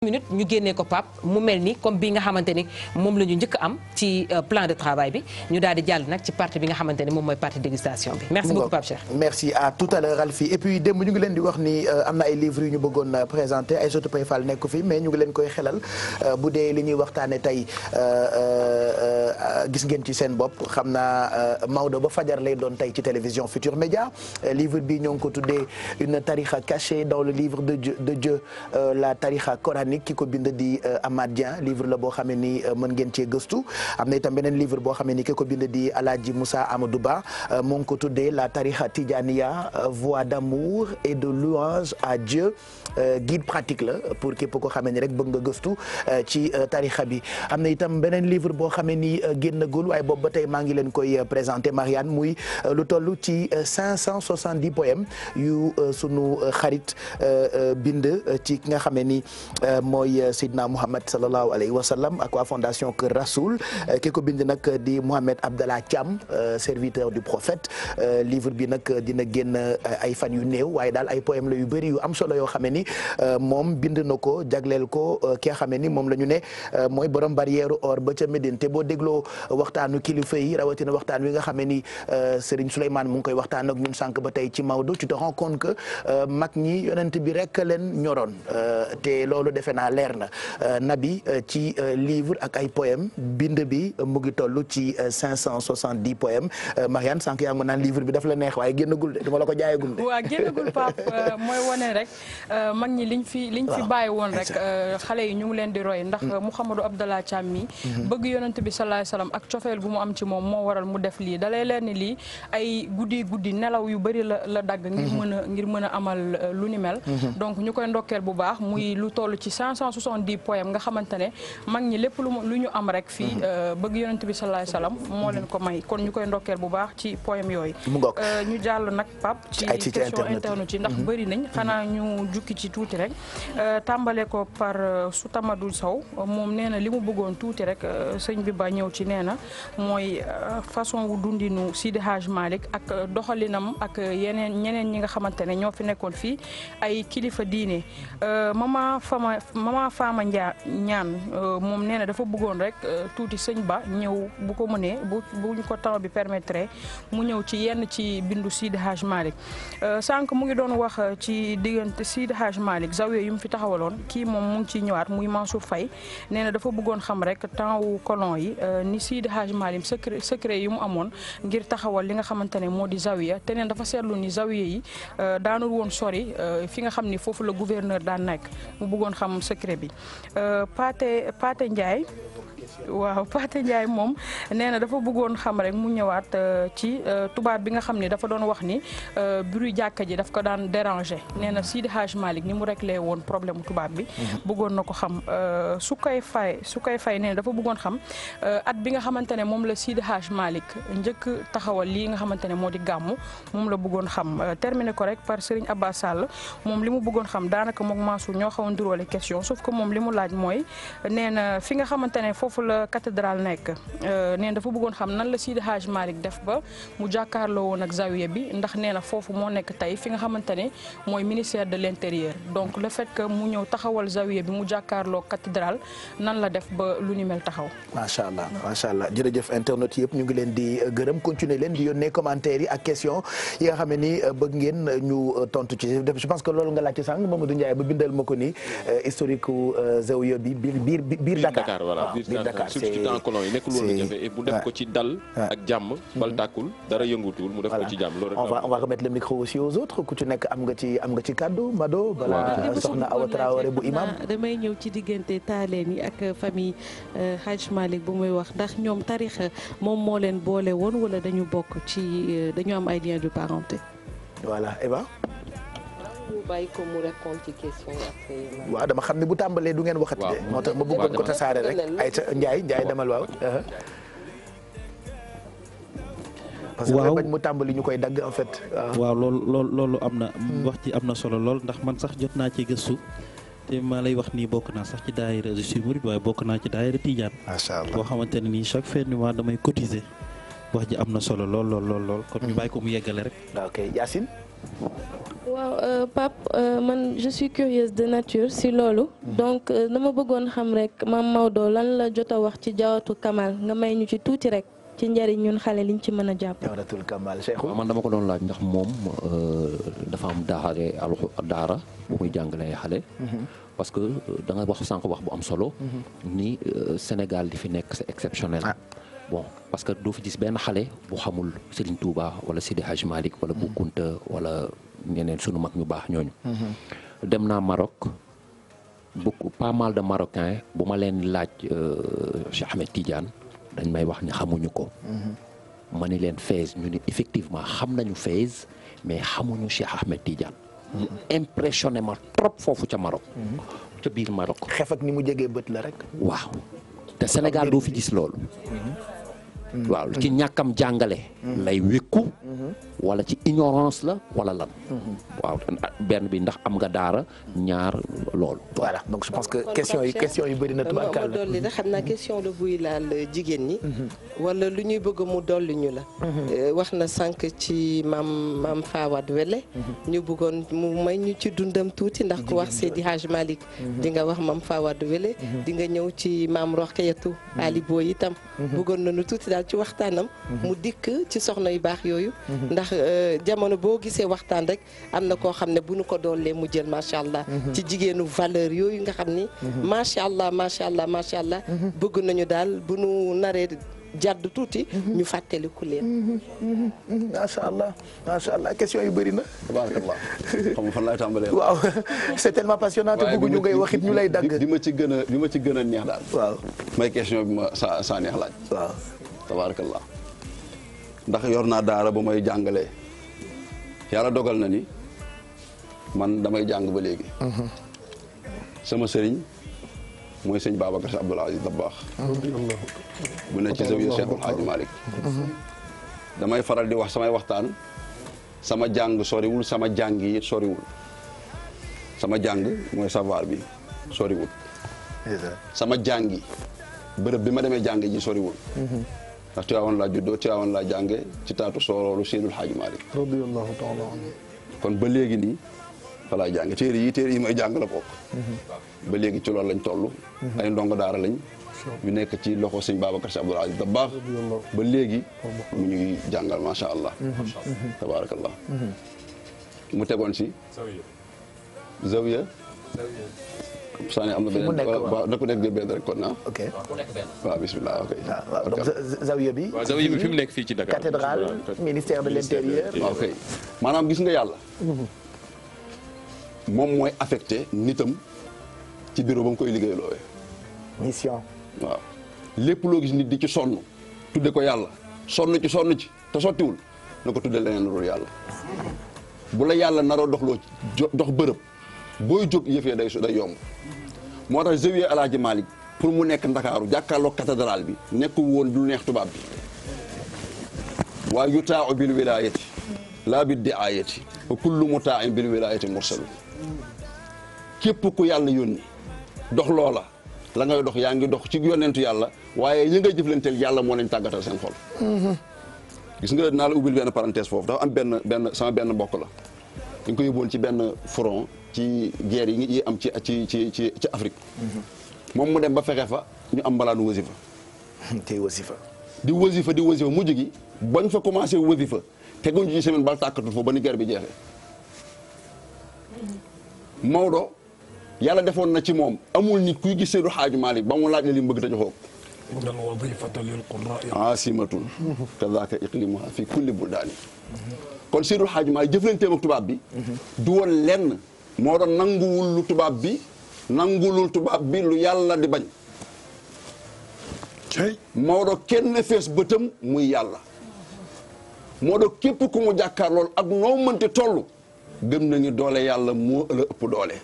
minute ñu génnee ko pap mu mel ni comme bi nga xamante moom la ñu njëkk am ci euh, plan de travail bi daal di jàll nag ci partie bi nga xamante ni moom mooy partie dégustation bi merci beaucoup Pape Cheikh merci à tout à l'heure Alfie et puis démb ñu ngi leen di wax ni euh, am na ay livres yu ñu bëggoon euh, présenté ay sotu pay fi mais ñu ngi leen koy xelal bu dee li ñuy waxtaane tey gis ngeen ci seen bopp xam naa Maodo ba fajar lay doon tey ci télévision Futur Média livre bi ñoo ngi ko tuddee une tarixa cachée dans chronique ki ko bind di euh, Amath Dieng livre la boo xamee ni euh, mën ngeen cee gëstu am na itam beneen livre boo xamee ni ki ko bind di Alaaji Moussa Amadou Ba euh, moo ngi ko tuddee la tarixa tidjaniya voie d'amour et de louange à Dieu guide pratique la pour képp ko xamee ni rek bëgg nga gëstu ci tarixa bi am na itam beneen livre boo xamee ni génnagul waaye boobu ba tey maa ngi leen koy présenté Marianne muy lu toll ci cinq cent soixante-dix poèmes yu sunu xarit bind ci ki nga xamee ni mooy euh, Seydina Mouhamed sallallahu alayhi wa sallam fondation Kër Rasoul euh, ki bind nag di Mouhamed Abdallah Thiam euh, serviteur du prophète livre bi nag dina génn ay fan yu néew waaye daal ay poème la yu bëri yu am solo yoo xam ni moom bind na ko jagleel ko ki nga xam ni moom la ñu ne mooy borom barrière or ba ca Médine te boo dégloo waxtaanu kilifa yi rawatina waxtaan wi nga xam ni Serigne Souleymane mu ngi koy waxtaan ak ñun sànq ba tey ci Maodo tu te rends compte defe naa leer na euh, nabi euh, ci euh, livre ak ay poème bind bi mu ngi toll ci cinq cent soixante dix poème Marianne sànq yaa ngi naan livre bi daf la neex waaye génnagul de dama la ko jaayagul de. waaw génnagul Pape mooy wane rek mag ñi liñ fi liñ fi bàyyi woon rek xale yi ñu ngi leen di roy ndax mm-hmm. Mouhamadou Abdallah Thiam mi mm-hmm. bëgg yonent bi sallallahu alayhi ak cofeel bu mu am ci moom moo waral mu def lii dalay leen ni lii ay guddi guddi nelaw yu bëri la la dagg ngir mm-hmm. mën a ngir mën a amal lu ni mel donc ñu koy ndokkeel 570 poèmes nga xamante ne mag ñi lépp lu lu ñu am rek fii mhm. euh, bëgg yonent bi salaay salaam moo leen ko may kon ñu koy ndokkeel bu baax ci poèmes yooyu euh, ñu jàll nag pap ci question internet yi ndax mhm. bëri nañ mhm. xanaa ñu jukki ci tuuti rek euh, tàmbale ko par Sutamadou Sow moom nee na li mu bëggoon tuuti rek sëñ bi ñëw ci nee na mooy façon wu dundinu Sidi Hadj Malick ak doxalinam ak yeneen ñeneen ñi nga xamante ne ñoo fi nekkoon fii ay kilifa diine mama fama maman Fama Ndiaye ñaan euh, moom nee na dafa bëggoon rek euh, tuuti sëñ Ba ñëw bu ko mënee bu buñ ko temps bi permettre mu ñëw ci yenn ci bindu Sidi Hadj Malick euh, sànq mu ngi doon wax ci diggante Sidi Hadj Malick zawiya yu mu fi taxawaloon kii moom mu ngi ciy ñëwaat muy Mansour Faye nee na dafa bëggoon xam rek temps wu colon yi ni Sidi Hadj Malick secret yi mu amoon ngir taxawal li nga xamante ne moo di zawiya te neen dafa seetlu ni zawiya yi daanul woon sori fi nga xam ni foofu la gouverneur daan nekk mu bëggoon xam am secret bi Pathé euh, Pathé Ndiaye waaw Pathé Ndiaye moom nee na dafa bëggoon xam rek mu ñëwaat euh, ci euh, tubaab bi nga xam ni dafa doon wax ni bruit jàkka ji daf ko daan déranger nee na Sidi Hadj Malick ni mu réglé woon problème tubaab bi. Mhm. bëggoon na ko xam su koy fay su koy fay nee dafa bëggoon xam at bi nga xamante ne moom la Sidi Hadj Malick njëkk taxawal li nga xamante ne moo di gàmmu moom la bëggoon xam terminé ko rek par Serigne Abba Sall moom li mu question sauf que moom li mu laaj mooy nee na fi nga xamante ne foofu la cathédrale nekk euh, nee dafa bëggoon xam nan la Sidi Hadj Malick def ba mu jàkkaarloo woon ak zawiya bi ndax nee na foofu moo nekk tey fi nga xamante ne mooy ministère de l'intérieur donc le fait que mu ñëw taxawal zawiya bi mu jàkkaarloo cathédrale nan la def ba lu ni mel taxaw. macha allah macha allah jërëjëf internet yëpp ñu ngi leen di euh, gërëm continuer leen di yónnee commentaires yi ak question y nga xam ne ni euh, bëgg ngeen ñu tontu ci je pense que loolu nga laajte sànq Mamadou Ndiaye ba bindal ma ko nii historique gu euh, Zawiya bi biir biir biir Dakar. voilà biir Dakar substituant colon yi nekkul woon bu def ko ci dal. ak jàmm bal mhm. dara yëngutuwul mu def ko ci jàmm. loolu on va on va remettre am nga ci am nga ci kàddu Mado. bala soxna Awa Traoré bu imam damay ñëw ci diggante taaleen yi ak famille euh, Hadj Malick bu muy wax ndax ñoom tarixa moom moo leen boole woon wala dañu bokk ci euh, dañu am ay liens de parenté. mu bàyyi ko mu répondre ci question après. waaw dama xam ne bu tàmbalee du ngeen waxati de. moo tax ma bëggoon ko tasaare rek Aïcha Ndiaye Ndiaye demal waaw. Uh-huh. parce que bañ mu tàmbali ñu koy dagg en fait. Uh-huh. waaw loolu loolu loolu am na. Hmm. wax ci am na solo lool ndax man sax jot naa ci gëstu. maa lay wax nii bokk naa sax ci daayira je suis murid waaye bokk naa ci daayira Tijaan. macha allah xamante ne nii chaque fin du mois damay cotiser. am na solo lool lool lool lool. Hmm. bàyyi ko mu yeggale rek. ok Yacine. waaw euh, Pape euh, man je suis curieuse de nature si loolu mhm. donc na euh, ma bëggoon xam rek maam Maodo lan la jot a wax ci jawatu Kamal nga may ñu ci tuuti rek ci njëriñ ñun xale liñ ci mën a jàpp. jawaratul Kamal Cheikh man dama ko doon laaj ndax moom dafa am daare daara bu muy jàngalee xale. Mhm. parce que da nga wax sànq wax bu am solo. Mhm. ni Sénégal di fi nekk c'est exceptionnel. Ah. bon parce que doo fi gis benn xale bu xamul Serigne Touba wala Sidi Hadj Malick wala Bou Kounta wala. ñeneen sunu mag ñu baax ñooñu. Mhm. dem naa Maroc beaucoup pas mal de Marocains bu ma leen laaj euh, Cheikh Ahmed tiijaan dañ may wax ni xamuñu ko. Mhm. ma ni leen Fès ñu ni effectivement xam nañu Fès mais xamuñu si Ahmed Tidiane. mu mhm. impressionné ma trop foofu ca Maroc. ca biir Maroc. xef ak ni mu jegee bët la rek. waaw te Sénégal doo fi loolu. waaw ci ñàkkam jàngale. lay wikku wala ci ignorance la wala lan. waaw benn bi ndax am nga daara ñaar loolu. voilà donc je que question yi question yu bëri na tubaarkàlla. dolli la xam naa question la buy jigéen ñi. wala lu ñuy bëgg mu dolli ñu la. wax na sànq ci maam maam Fawad Wele. ñu bëggoon mu may ñu ci dundam tuuti ndax ku wax Seydi Hadj Malick. di nga wax maam Fawad Wele. di nga ñëw ci maam Roqeyetu Ali Boy itam. bëggoon nañu tuuti daal Fall ci waxtaanam. Mhm. mu dikk ci soxna yu baax yooyu. Mhm. ndax euh, jamono boo gisee waxtaan rek am na koo xam ne bu nu ko doolee mu jël macha allah. Mhm. ci jigéenu valeur yooyu nga xam ni. macha allah macha allah macha allah. bëgg nañu daal bu nu naree. jàdd tuuti ñu fàttaliku leen. macha allah macha question yu bëri na. tabarakallah xam nga fan laay tàmbalee. waaw c'est tellement passionnant te bëgguñu ngay wax it ñu lay dagg. di ma ci gën a di ma ci gën a neex daal. waaw mooy question bi ma saa neex waaw. tabaarakallah ndax yor naa daara bu may jàngalee yàlla dogal na ni man damay jàng ba léegi. Mhm. sama sëriñ mooy sëñ Babacar Sy Abdoul Aziz Dabakh. bu ne ci zawiya mhm. damay faral di wax samay waxtaan sama jàng soriwul sama jàng yi soriwul sama jàng mooy savoir bi soriwul. sama jàngi bërëb bi ma demee jàng ji soriwul. Mhm. ndax Tiwaawan laa juddoo Tiwaawan laa jànge ci taatu sooroolu Seydul Xaaj Maalik kon ba léegi nii fa laa jànge téere yi téere yi may jàng la bokk ba léegi ci loolu lañ toll ay ndongo daara lañ ñu nekk ci loxo sëñ Babacar Si Abdoul Aziz Dabakh ba léegi mu ñuy jàngal macha allah tabaarakallah mhm. mu tegoon si zawiya Sane am na beneen na ku nekk benn rek kon ah. ok waaw ok. Ah, waaw bi. fi mu nekk fii ci Dakar. cathédrale ministère de l' intérieur. ok maanaam gis nga yàlla. Mhm. moom mooy affecté nitam ci bureau ba mu koy liggéey loowee. waaw lépp loo gis nit di ci sonn. tudde ko yàlla sonn ci sonn ci te sottiwul na ko tudde leneen loolu yàlla bu la yàlla naroo dox loo dox bërëb. booy jóg yëf ya day day yomb moo tax zawiya Alaaji Malick pour mu nekk ndakaaru jàkkaarloog cathédrale bi nekkul woon lu neex tubaab bi waaye yutaacu bil wilaayati laa bi diaayati wa kullu mutaacin bil wilaayati mursalu képp ku yàlla yónni dox loola la ngay dox yaa ngi dox ci yonentu yàlla waaye li ngay jëflanteel yàlla moo leen tàggatal seen xol mhm. gis nga naa la ubbil benn parenthèse foofu dafa am benn benn sama benn mbokk la dañ ko yóbboon ci benn front ci guerre yi ngi am ci ci ci ci ci Afrique. moom moo dem ba fexe fa ñu am mbalaanu wasifa. tey wasifa. di wasifa di wasifa mujj gi bañ fa commencé wasifa teguñu ci semaine bal tàkkatu fa ba ni guerre bi jeexee. Maodo yàlla defoon na ci moom amul nit kuy gis Seydou Hadj Malick ba mu laaj la li mu bëgg te joxoo ah simatul kazaka iqlimuha fi kulli buldaani kon Seydou Hadj Malick jëflanteem ak tubaab bi du woon lenn. moo doon nanguwul lu tubaab bi nangulul tubaab bi lu yàlla di bañ moo doon kenn fees bëtam muy yàlla moo doon képp ku mu jàkkaarlool ak noo mënti toll gëm nañu doole yàlla moo ëla ëpp doole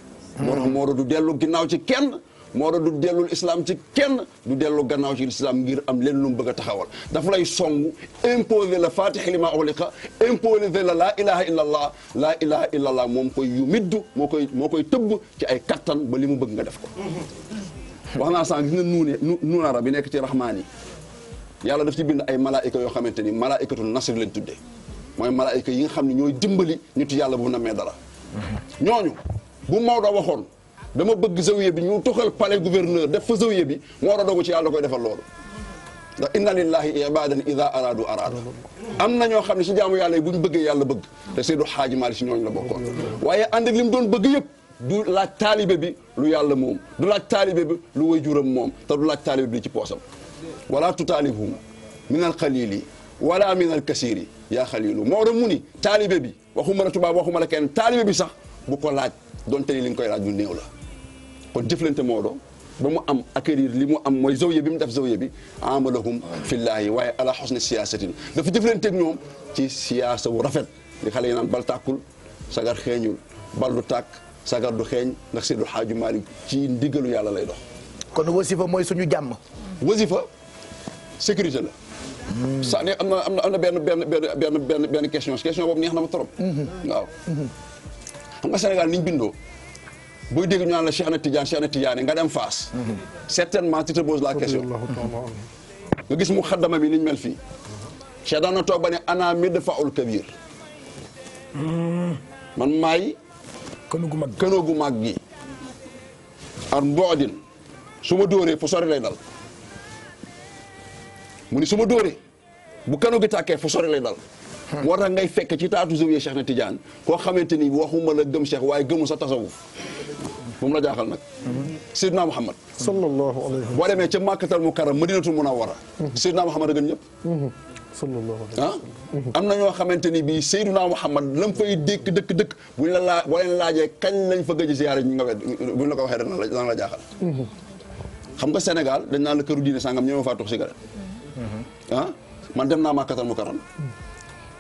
moo tax moo du dellu ginnaaw ci kenn moo tax du dellul islaam ci kenn du dellu gannaaw ci islam ngir am leen lu mu bëgg a taxawal dafa lay song imposer la fatih lima uliqa imposer la laa ilaha illa allah laa ilaha illa moom koy yu middu moo koy moo koy tëbb ci ay kattan ba li mu bëgg nga def ko wax naa sànq gis nga nuune bi nekk ci rahmaan yi yàlla daf ci bind ay malaayika yoo xamante ni malaayikatul nasr lañ tuddee mooy malaayika yi nga xam ne ñooy dimbali nitu yàlla bu namee dara ñooñu bu Maodo waxoon dama bëgg zawiya bi ñu tuxal palais gouverneur def fa zawiya bi mu war a dogu ci yàlla koy defal loolu ndax inna lillahi ibadan ida araadu araada am na ñoo xam ne si jaamu yàlla yi bu ñu bëggee yàlla bëgg te Seydu Xaaji Maalik si ñooñu la bokkoon waaye ànd ak li mu doon bëgg yëpp du laaj taalibe bi lu yàlla moom du laaj taalibe bi lu waajuram moom te du laaj taalibe bi li ci poosam wala tutaalibhum min al qalili wala min al kasiri yaa xalilu moo a mu ni taalibe bi waxuma la tubaab waxuma la kenn taalibe bi sax bu ko laaj donte ni li nga koy laaj lu néew la kon jëflante Maodo ba mu am acquérir li mu am mooy zawiya bi mu def zawiya bi amalahum fillaahi waaye ala xosni siyaasatin dafa jëflanteeg ñoom ci siyaasa wu rafet li xale yi naan bal tàkkul sagar xeeñul bal lu tàkk sagar du xeeñ ndax Seydi Xaaju Maalik ci ndigalu yàlla lay dox. kon wasifa mooy suñu jàmm. wasifa sécurité la. sa ne am na am na benn benn benn benn benn question question boobu neex na ma trop. Mhm. waaw mhm. xam nga Sénégal bindoo. buy dégg ñu naan la Cheikh na Tidiane Cheikh na Tidiane nga dem Faas. Mhm. certainement tu te poses la question. nga gis mu xaddama bi ni ñu mel fii. Cheikh daan na toog ba ne ana mid faul kabir. Mhm. man maay. këno gu mag këno gu mag gi. ar mboodin su ma dóoree fu sori lay dal. mu ni su ma dóoree bu kano gi tàkkee fu sori lay dal. moo hmm. tax ngay fekk ci taatu zawiya Cheikh na Tidiane koo xamante ni waxuma la gëm Cheikh waaye gëmu sa tasawuf moom la jaaxal nag Seydina Muhammad sallallahu alayhi boo demee ca Makkatal Mukarram Madinatul Munawwara Seydina Muhammad a gën ñëpp sallallahu a wa sallam ah? am na ñoo xamante ni bii Seydina Muhammad lam fay dëkk dëkk dëkk buñ la laa boo leen laajee kañ lañ fa gëj ziyaare ñi nga wet buñ la ko waxee dana la dana la jaaxal mm-hmm. xam nga Sénégal dañ naan la kër diine sangam ñëw faa tux cigarette mm-hmm. ah man dem naa Makkatal Mukarram mm-hmm.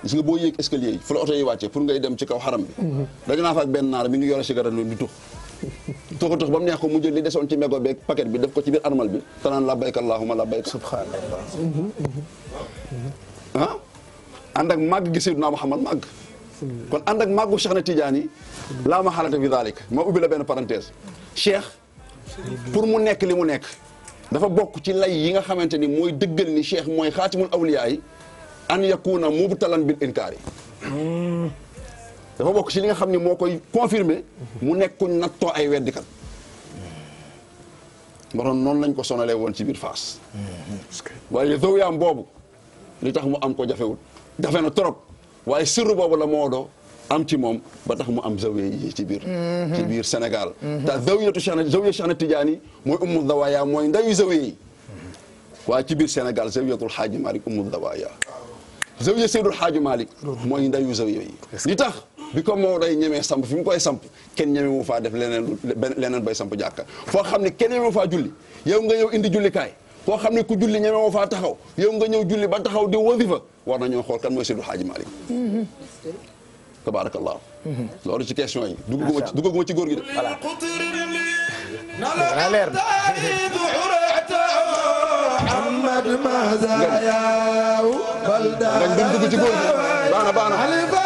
gis nga boo yéeg escalier yi fu la oto yi wàccee pour ngay dem ci kaw xaram bi dañu naa fa ak benn naar toxatox bam mu mu jël li desoon ci mégo beeg paquet bi def ko ci biir armal bi tanaan labbayka allahumma labbayk subhanallah mm-hmm. mm-hmm. mm-hmm. ah ànd ak màgg gi Seydina Muhammad màgg kon ànd ak màggu Cheikh na Tidiane yi laa ma xaalata fi dalik ma ubbi la benn parenthèse cheikh pour mu nekk li mu nekk dafa bokk ci lay yi nga xamante ni mooy dëggal ni cheikh mooy xaatimul awliya yi an yakuna mubtalan bil inkaari mm. dafa bokk si li nga xam ni moo koy confirmer mu nekk kuñ nattoo ay weddikat maanaam noonu lañ ko sonalee woon ci biir Fass waaye zow yaam boobu li tax mu am ko jafewul jafe na trop waaye sirru boobu la Maodo am ci moom ba tax mu am zawiya yi ci biir mhm. biir Sénégal mhm. te zawiyatu Cheikh zawiya Cheikh na Tidiane mooy ummu zawaya mooy ndayu zawiya yi mhm. waaye ci biir Sénégal zawiyatul Xaaji Malik ummu zawaya zawiya Seydul Xaaji Malik mooy ndayu zawiya yi li tax bi ko moo day ñemee samp fi mu koy samp kenn ñeme mu faa def leneen leneen bay samp jàkka foo xam ne kenn ñeme mu faa julli yow nga ñëw indi jullikaay koo xam ne ku julli ñeme moo faa taxaw yow nga ñëw julli ba taxaw di wasifa war na ñoo xool kan mooy Seydi Hadji Malick tabarakallah loolu ci question yi dugguma ci dugguma ci góor gi de voilà na leer Muhammad ma zaayaw bal daa dugg ci góor gi baax na baax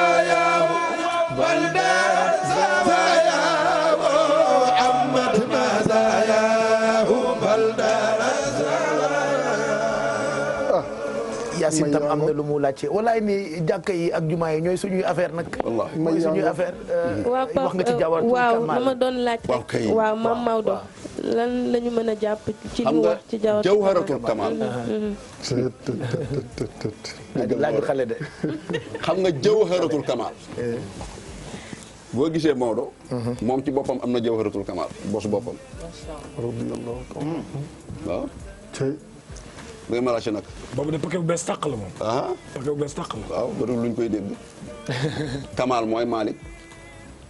Yacine tam am na lu mu laaj laajte walaay ni jàkka yi ak jumaa yi ñooy suñuy affaire nag. wallaahi mooy suñuy affaire. Euh, wax nga ci jawar euh, waaw dama doon laaj rek waaw maam Maodo la ñu mën a jàpp ci lu wax ci jawar jawharatul kamal. Mhm. laaju xale de. xam nga jawharatul kamal. Eh. boo gisee Maodo. Mhm. ci boppam am na jawharatul kamal bosu boppam. da nga ma laajte nag. boobu de paquet bu bees tàq la moom. Ah? luñ koy dégg. Kamal mooy Malick.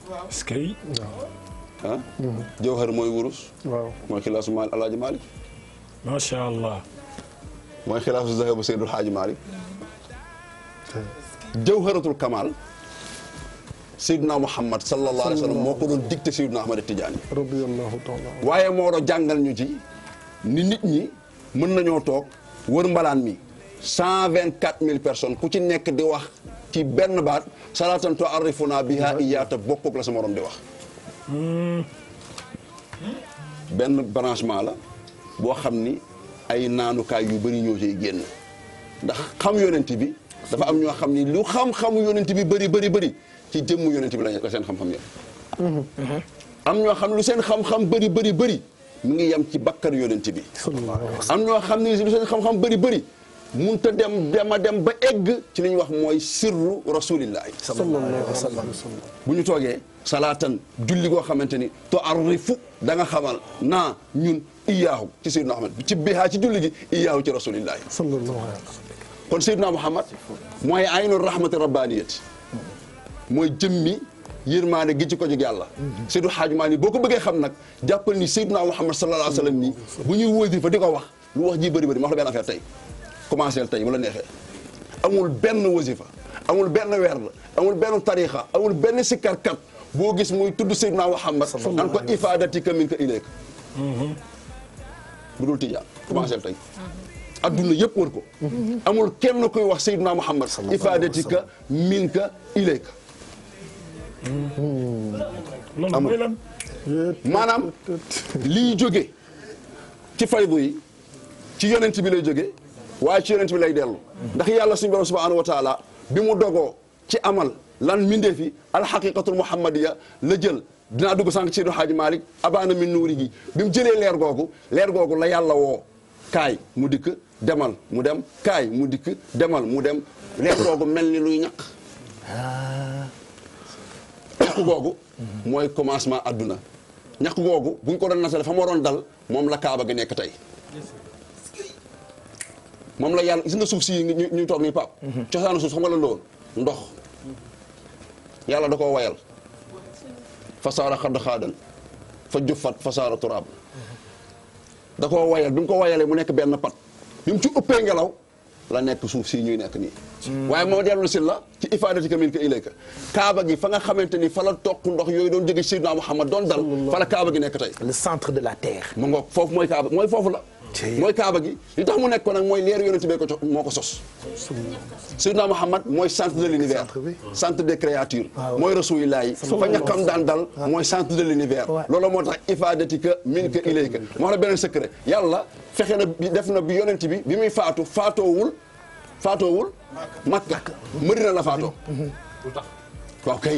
waaw ah? mm-hmm. mooy wurus. waaw mooy xilaasu Maal Alaaji Malick. macha allah. mooy xilaasu zahabu Seydul Haaji Malick. Jawharatul Kamal. Seydina Muhammad sallallahu alayhi wa moo ko doon dicté Seydina Ahmad Tidiane. waaye moo doon jàngal ñu ci ni nit ñi mën nañoo toog. wër mbalaan mi cent vingt quatre mille personnes ku ci nekk di wax ci benn baat salaatan tu arifuna biha iyaata bokkuk la sama morom di wax benn branchement la boo xam ni ay naanukaay yu bëri ñoo ciy génn ndax xam yonent bi dafa am ñoo xam ni lu xam-xamu yonent bi bëri bëri bëri ci jëmm yonent bi la seen xam-xam yëpp mm-hmm. am ñoo xam lu seen xam-xam bëri bëri bëri mi ngi yem ci bakkan yonent bi am ñoo xam ne lu seen xam-xam bari bëri mun ta dem dema dem ba egg ci li ñu wax mooy sirru rasulillahi sallallahu alayhi wa sallam bu ñu toogee salaatan julli goo xamante ni to arrifu danga nga naa ñun iyaahu ci sayyidina Muhammad ci bihaa ci julli gi iyaahu ci rasulillahi kon sayyidina Muhammad mooy aynu rahmati rabbaniyati mooy jëmmi yërmaane gi ci ko jóg yàlla Seydu Xaaj boo ko bëggee xam nag jàppal ni Seydina Muhammad sallallahu alayhi wa sallam nii bu ñuy wóodi fa di ko wax lu wax ma la benn affaire tey commencé tey bu la neexee amul benn amul benn werd amul benn tarixa amul benn sikkarkat boo gis muy tudd Seydina Muhammad an ko ifaadatika min ka ilayka mm-hmm. bu dul tijaan commencé tey adduna yëpp wër ko mm-hmm. amul kenn kuy wax Seydina Muhammad ifaadatika min ka ilayka Hmm. amul lan maanaam liy jóge ci faydu yi ci yonent bi lay jóge waaye ci yonent bi lay dellu ndax yàlla suñu borom subhanahu wa bi mu dogoo ci amal lan mindee fi alxaqiqatul muhammadiya la jël dinaa dugg sànq ci du xaaji malik abaana min nuuri bi mu jëlee leer googu leer googu la yàlla woo kaay mu dikk demal mu dem kaay mu dikk demal mu dem leer googu mel ni luy ñaq ah. ñàkk googu mooy commencement àdduna ñàkk googu bu ñu ko doon nasale fa ma waroon dal moom la kaaba ga nekk tey moom la yàlla gis nga suuf si ñu ñu toog nii pap mhm. cosaanu suuf xam nga la lool ndox yàlla da koo wayal fasaara xadd xaadan fa jufat fasaara turaab da koo wayal bi mu ko wayalee mu nekk benn pat bi mu ci ëppee ngelaw la nekk suuf si ñuy nekk nii. waaye moo dellu si la ci ifaadati ka min ka ilayka kaaba gi fa nga xamante ni fa la toq ndox yooyu doon jóge Seydina Muhammad doon dal fa kaaba gi nekk tey. le centre de la terre. mu ngoog mooy kaaba mooy foofu la. mooy Kaaba gi li tax mu nekk ko nag mooy leeru yonent bi ko moo ko sos. Seydina Muhammad mooy centre de l'univers centre des créatures. Ah mooy Rasulillah yi fa ñàkkam daan dal mooy centre de l'univers loolu moo tax ifaadatika minka ilayka moo xam ne beneen secret yàlla fexe na def na bi yonent bi bi muy faatu faatoowul faatoowul Makka Madina la faatoo waaw kay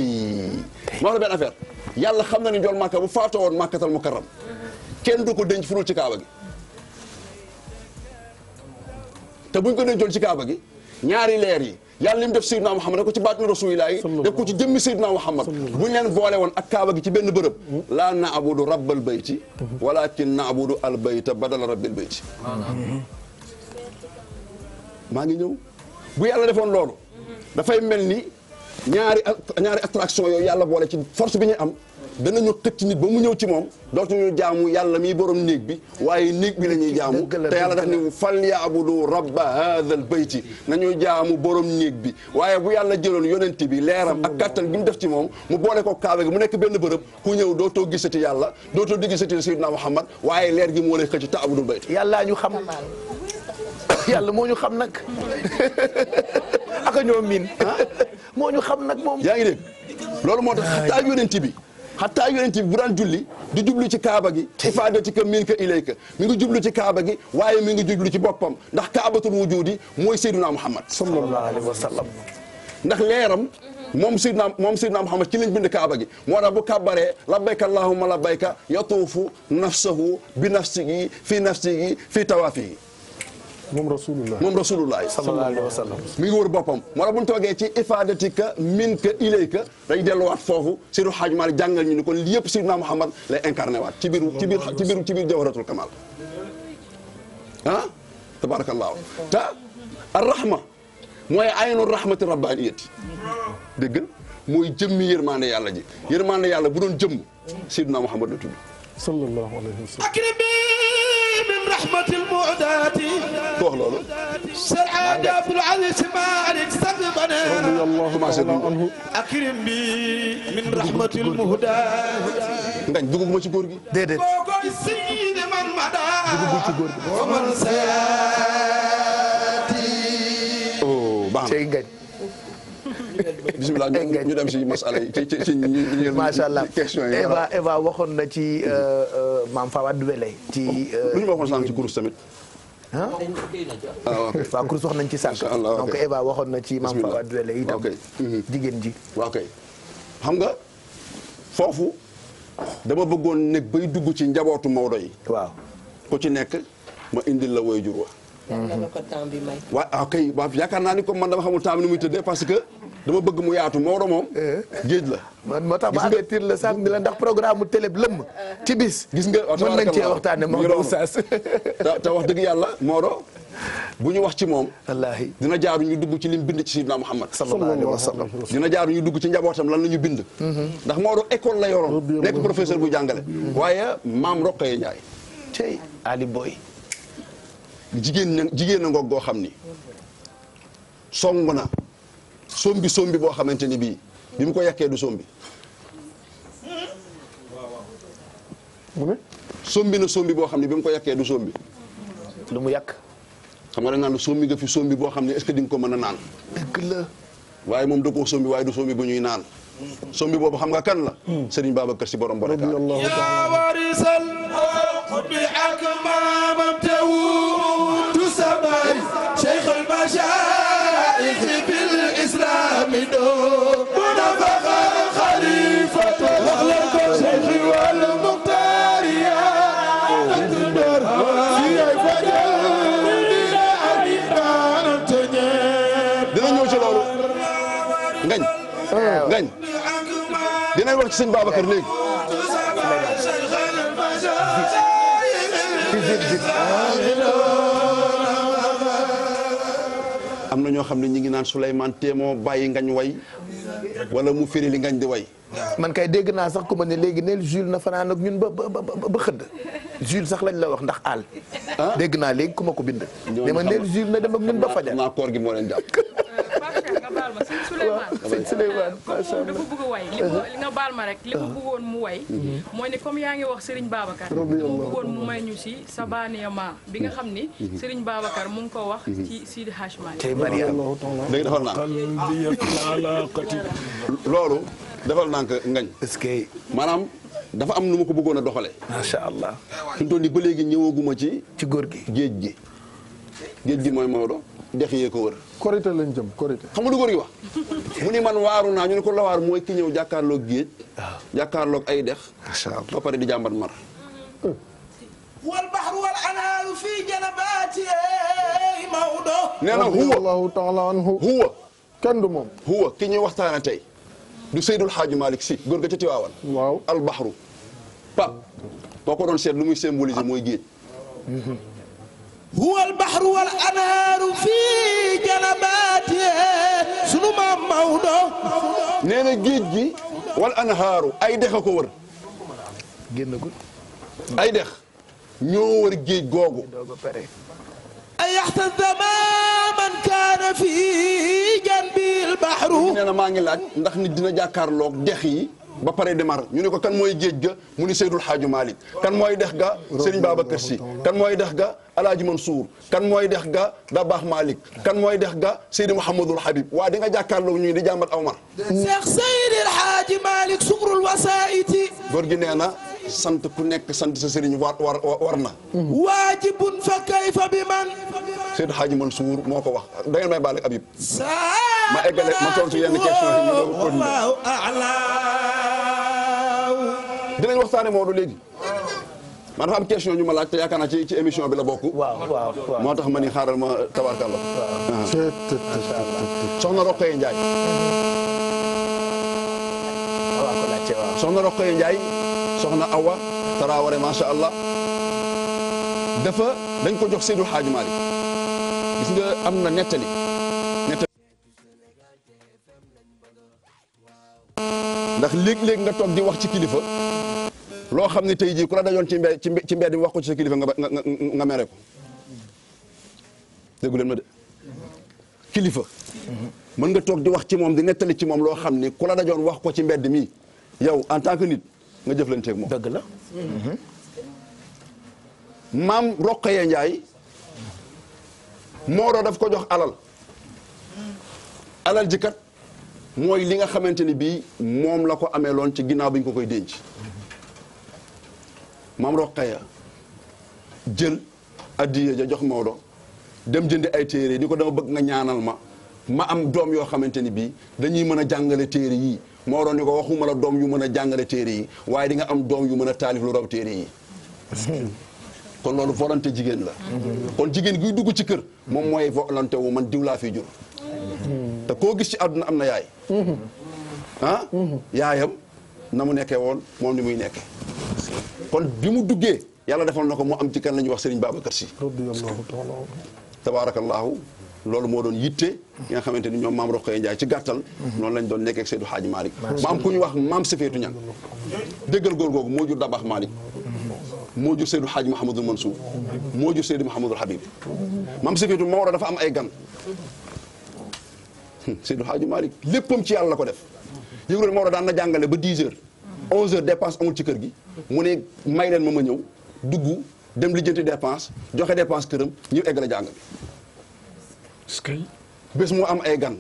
moo xam ne yàlla xam na ni jool Makka bu faatoo woon Makkatal Mukarram kenn du ko denc fu dul ci Kaaba gi te buñ ko dee jël ci kaaba gi ñaari leer yi yàlla li mu def Seydina Muhammad def ko ci baatu rasulillah yi def ko ci jëmmi Seydina Muhammad bu ñu leen boole woon a kaaba gi ci benn bërëb hmm? laa naabudu rabbal bayti walakin naabudu al bayta badala rabbil bayti maa ngi ñëw bu yàlla defoon loolu dafay mel ni ñaari ñaari attraction yooyu yàlla boole ci force bi ñu am danañu xëcc nit ba mu ñëw ci moom dootuñu jaamu yàlla mii borom néeg bi waaye néeg bi la ñuy jaamu te yàlla daf ne fal yaabudu rabba haadal bayti nañu jaamu borom néeg bi waaye bu yàlla jëloon yonent bi leeram ak kàttan bi mu def ci moom mu boole ko kaaba gi mu nekk benn bërëb ku ñëw dootoo gisati yàlla dootoo di gisati sayyidina Muhammad waaye leer gi moo lay xëcc te abudul bayt yàllaa ñu xam yàlla moo ñu xam nag aka ñoo miin ah? moo ñu xam nag moom yaa ngi dégg loolu moo tax xataa bi xataa yonent bi bu daan julli di jublu ci kaaba gi ifaadatika minka ilayka mi ngi jublu ci kaaba gi waaye mi ngi jublu ci boppam ndax kaabatul wujudi mooy Seydina Muhammad sallallahu alayhi wa sallam ndax leeram mhm. moom Seydina moom Seydina Muhammad ci lañ bind kaaba gi moo tax bu kàbbaree labbayka allahumma labbayka yatuufu nafsahu bi nafsihi fi nafsihi fi tawaafihi moom rasulullah moom rasulullah sallallahu alayhi wa sallam mi ngi wër boppam moo tax bu ñu ci ifaadatika minka ilayka dañ delluwaat foofu Seydi Hadji Malick jàngal ñu ni kon li yëpp Seydina Muhammad la incarné waat ci biir ci biir ci biir ci biir jawharatul kamal ah tabarakallahu te arrahma mooy aynu rahmati rabbaniyati dégg nga mooy jëmmi yërmande yàlla ji yërmande yàlla bu doon jëmm Seydina Muhammad la tudd sallallahu alayhi wa من رحمة المعدات سعاد عبد العزيز مالك سقطنا رضي الله ما سيدنا أكرم بي من رحمة المهدات ndañ dugg ma ci góor gi déedéet boo koy signe man ma daa dugg ci góor gi man saati oh baax bisimilah ñu dem si masala yi ci ci ci macha allah question yi Eva waxoon na ci maam Fawad Wele. ci oh, euh, lu ñu waxoon sànq ci ah, nañ ci sànq. donc waxoon na ci maam Fawad Wele itam. Mm-hmm. jigéen ji. waaw kay xam nga foofu dama bëggoon nekk bay dugg ci njabootu Maodo yi. waaw ku ci nekk ma indil la woy jur wa. yaakaar naa ko temps bi may. waaw ah, kay yaakaar naa ni comme man dama xamul temps bi muy tëddee parce que. dama bëgg mu yaatu Maodo moom. Eh. géej la. man moo tax ma avertir la sax la ndax programme mu télé bi lëmm. Eh. ci bis. gis nga mën nañ cee waxtaanee Maodo Oustaz. te wax dëgg yàlla Maodo bu ñu wax ci moom. wallaahi dina jaaru ñu dugg ci lim bind ci Sidna Muhammad. sallallahu alayhi wa sallam dina jaaru ñu dugg ci njabootam lan la ñu bind. Mm-hmm. ndax Maodo école la yoroon. nekk professeur bu jàngale. waaye maam Roqaye Ndiaye. tey Ali Boy. jigéen na jigéen na ngoog goo xam ni song na. sombi sombi boo xamante ni bii bi mu ko yàkkee du sombi sombi na sombi boo xam ne bi mu ko yekkee du sombi lu mu yàq xam nga da naan sombi nga fi sombi boo xam ne est-ce que ko mën a naan dëgg la waaye moom da koo sombi waaye du sombi bu ñuy naan sombi boobu xam nga kan la Serigne Babacar Sy borom borom yaa warisal bi ak maamam tewu tu sabay cheikh al mashaayikh ngañ ngañ dinañ wax ci sëñ Babacar léegi am na ñoo xam ne ñu ngi naan Souleymane Témo bàyyi ngañ way wala mu firi li ngañ di way man kay dégg naa sax ku ne léegi neel Jules na fanaan ak ñun ba ba ba xëdd Jules sax lañ la wax ndax àll ah? dégg naa léegi ku ma ko bind ne ma neel Jules na dem ak ñun ba fajar naa koor gi moo leen jàpp a ma rek li mu way mm-hmm. mm-hmm. mooy ne comme yaa ngi wax Serigne Babacar mu bëggoon mu may ñu ma bi nga xam ni mm-hmm. Serigne Babacar mu ngi ko wax ci Sidi Hadj Malick tey Mariam léegi defal naa loolu defal naa ko ngañ est que maanaam dafa am nu ma ko buggoon a doxale macha allah suñu toll nii ba léegi ñëwaguma ci ci góor gi géej gi géej gi mooy Maodo dex yee ko wër. korite lañ jëm korite. xam nga du góor gi mu ni man waaru naa ñu ne ko la waar mooy ki ñëw jàkkaarloog géej. waaw jàkkaarloog ay dex. macha pare di jàmbat mar. wal bahru wal anaaru fii janabaati mawdo. nee na huwa kenn du moom. huwa ki ñuy waxtaana tey. du Seydul Xaaju Malick si góor ga ca Tiwaawan. waaw al bahru. pap ko doon seet lu muy symboliser mooy géej. huwa albaxru wal anhaaru fii janabaatihi sunu maam Maodo. nee na géej gi wal anhaaru ay dex a ko wër. génnagul. ay dex ñoo wër géej googu. ay yaxtazama man kaana fii janbil baxru. nee na maa ngi laaj ndax nit dina jàkkaarloog dex yi. ba pare démarre ñu ne ko kan mooy géej ga mu ni Seydul Xaaju Malik kan mooy dex ga Serigne Babacar Sy kan mooy dex ga Alaaji Mansour kan mooy dex ga Dabaax Malik kan mooy dex ga Seydi Mouhamadul Habib waa di nga jàkkaarloo ñuy di jàmbat Awmar Seex Seydil Malik sukrul wasaiti góor na sant ku nekk sant sa sëriñ war war fa kayfa bi man. Seydou Hadji Mansour moo ko wax da ngeen may baal ak Habib. ma eggale ma tontu yenn question yi ñu ma laaj te yaakaar naa ci ci émission bi la bokk. waaw waaw moo tax ma ni xaaral ma tabarkalla. soxna Rokhaya Ndiaye. waaw Soxna Rokhaya soxna Awa Traoré macha allah dafa dañ ko jox Seydou Hadj Malick gis nga am na nettali nettali ndax léeg-léeg nga toog di wax ci kilifa loo xam ni tey jii ku la dajoon ci mbed ci mbed mi wax ko ci sa kilifa nga nga de kilifa. mën nga toog di wax ci moom di nettali ci moom loo xam ni ku la dajoon wax ko ci mbedd mi yow en tant que nit. nga jëflanteeg moom. dëgg la. Mm-hmm. maam Roqaya Njaay Mooro daf ko jox alal alal ji kat mooy li nga xamante ni bii moom la ko amee loon ci ginnaaw bi ñu ko koy denc maam Roqaya jël addiya ja jox Maodo dem jëndi ay téere yi ni ko dama bëgg nga ñaanal ma ma am doom yoo xamante ni bii dañuy mën a jàngale téere yii. moo doon ni ko waxuma la doom yu mën a jàngale téere yi waaye di nga am doom yu mën a taalif lu raw téere yi kon loolu volonté jigéen la kon jigéen guy dugg ci kër moom mooy volonté wu man diw laa fi jur te koo gis ci àdduna am na yaay ah yaayam na mu nekkee woon moom ni muy nekke kon bi mu duggee yàlla defal na ko mu am jikka kan la ñuy wax Serigne Babacar Sy tabaarakallaahu loolu moo doon yitte yi nga xamante ni ñoom maam Rokhaya Ndiaye ci gàttal noonu lañ doon nekk ak Seydou Hadji Malick maam ku ñu wax maam Sefeetu Ñang déggal góor googu moo jur Dabax Malick moo jur Seydou Hadji Mouhamadul Mansour moo jur Seydou Mouhamadul Habib maam Sefeetu Maodo dafa am ay gan hmm, Seydou Hadji Malick léppam ci yàlla la ko def yëngu daan na jàngale ba 10 heures 11 heures dépense amul ci kër gi mu ne may leen ma ma ñëw dugg dem lijjanti dépense joxe dépense këram ñu egg la jàng bés mu am ay gan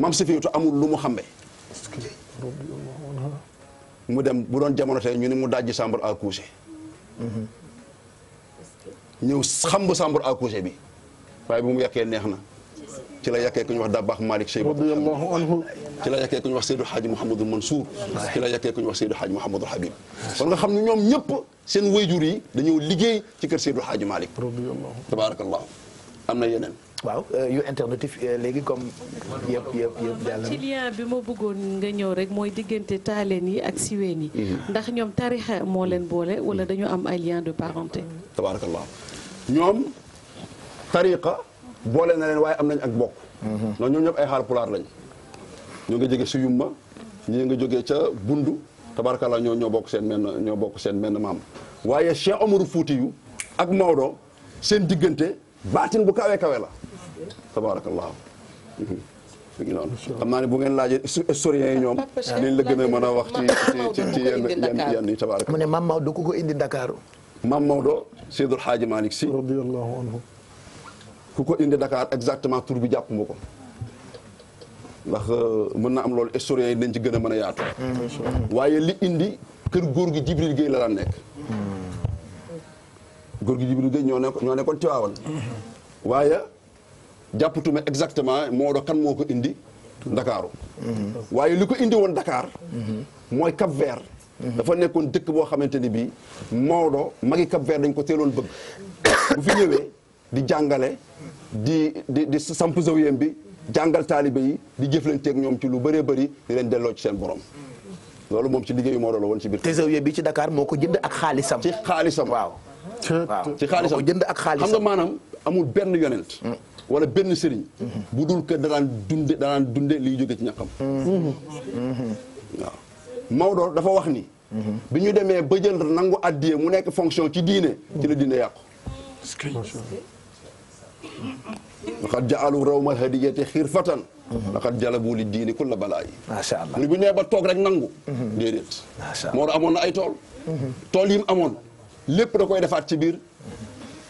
maam Safiyatu amul lu mu xambe mu dem bu doon jamono tey ñu ne mu dajji chambre à coucher mhm. ñëw xamb chambre à coucher bi waaye bu mu yàkkee neex na ci la yàkkee ku ñu wax Dabax Malick Sey radiyallahu anhu ci la yàkkee ku ñu wax Seydou Hadj Mouhamadou Mansour ci la yàkkee ku ñu wax Seydou Hadj Mouhamadou Habib kon nga xam ne ñoom ñëpp seen wayjur yi dañoo liggéey ci kër Seydou Hadj Malick tabaarakallahu am na yeneen. waaw euh, yu alternatif euh, léegi comme yëpp yëpp yëpp jàll ci lien bi ma bëggoon nga ñëw rek mooy diggante taaleen yi ak siween yi. Mhm. ndax ñoom tarixa moo leen boole wala dañu am ay lien de parenté. tabarakallah ñoom tariqa boole na leen waaye am nañ ak bokk. Mhm. noonu ñëpp ay xaal lañ ñoo nga jóge si yumma ñii nga jógee ca bundu tabarakallah ñoo ñoo bokk seen menn ñoo bokk seen menn maam waaye Cheikh fuuti Foutiyou ak Maodo seen diggante. baatin bu kawe kawe la tabaarakallaahu mi ngi noonu xam naa ne bu ngeen laajee historien yi ñoom liñ la gën a mën a wax ci ci yenn yenn mu ne Maam Maodo ku ko indi Dakar Maam Maodo Seydul Xaaji Malick Si radiyallaahu anhu ku ko indi dakaar exactement tur bi jàpp ma ko ndax euh, mën na am loolu historien yi dañ ci gën a mën a yaatu mm-hmm. waaye li indi kër góor gi Jibril Gueye la daan nekk mm-hmm. góor gi Jibril Gueye ne ko ñoo nekkoon Tiwaawan waaye jàppatuma exactement Maodo kan moo ko indi Ndakaaru waaye li ko indi woon Dakar mooy Cap Vert dafa nekkoon dëkk boo xamante ni bii Maodo magi Cap Vert dañ ko teeloon bëgg bu fi ñëwee di jàngale di di di samp zawiyam bi jàngal taalibe yi di jëflanteeg ñoom ci lu bëree bari di leen delloo ci seen borom loolu moom ci liggéeyu Maodo la woon ci biir te zawiya bi ci Dakar moo ko jënd ak xaalisam ci xaalisam waaw waaw ci xaalisam jënd ak xaalisam xam nga maanaam amul benn yonent mm. wala benn sëriñ bu dul que danaan dunde danaan dunde liy jóge ci ñàkkam mm-hmm. Mm-hmm. waaw Maodo dafa wax ni mm-hmm. bi ñu demee ba jël nangu addiye mu nekk fonction ci diine ci la diine yàqu laqad jaalu rawmal hadiyati xirfatan laqad jalabu li diini kulla balaa yi macha allah mu ne bu ñu nee ba toog rek nangu déedéet moo amoon na ay tool tool yi amoon lépp da koy defaat ci biir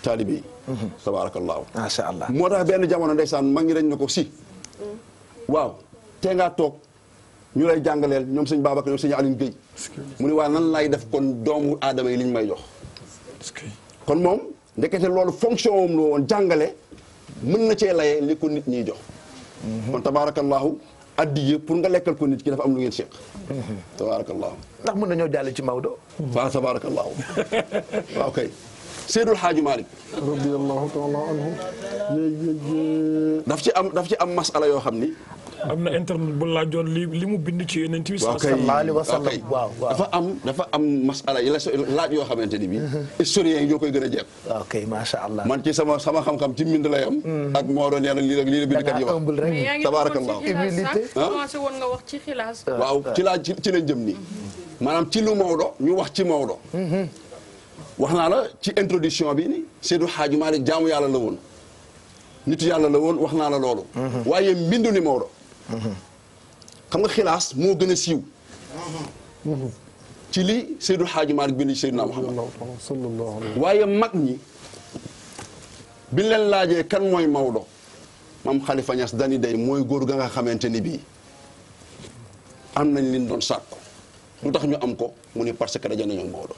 taalibe yi tabaarakallaahu macha allah moo tax benn jamono ndeysaan mag ngi dañ ne ko si waaw tee ngaa toog ñu lay jàngaleel ñoom sëñ Babacar ñoom sëñ Alioune Guèye mu ne waa nan lay def kon doomu aadama yi li may jox kon moom ndekete loolu fonction moom la woon jàngale mën na cee layee li ko nit ñiy jox kon tabaarakallaahu addiye pour nga lekkal ko nit ki dafa am lu ngeen seq. tabaarakallaahu. ndax mën nañoo jàll ci ma waaw tabaarakallaahu waaw kay. Seydul Xaaju Malik. radiyallaahu taala anhu. daf ci am daf ci am masala yoo xam ni. am na internet bu laajoon li li mu bind ci yeneen bi sallallahu alayhi wa sallam waaw waaw am dafa am la laaj yoo xamante ni bi historiens yi ñoo koy gën a jeeb man ci sama sama xam-xam ci mbind la yam hmm. ak moo doon nee na lii la lii la bindkat yi wax tabarakallah humilité commencé woon nga wax ci xilaas laa ci lañ jëm nii hmm. maanaam ci lu Maodo ñu wax ci Maodo hmm. wax naa la ci introduction bi ni Seydou Hadji Malick jaamu yàlla la woon nit yàlla la woon wax naa la loolu waaye mbindu ni Maodo xam nga xilaas moo gën a siiw. ci li Seydou Hadji Malick bind ci Seydina Muhammad waaye mag ñi bi leen laajee kan mooy Maodo maam Khalifa Niass dani day mooy góor ga nga xamante ni bii am nañ liñ doon sàkku mu tax ñu am ko mu ni parce que daje nañoo Maodo.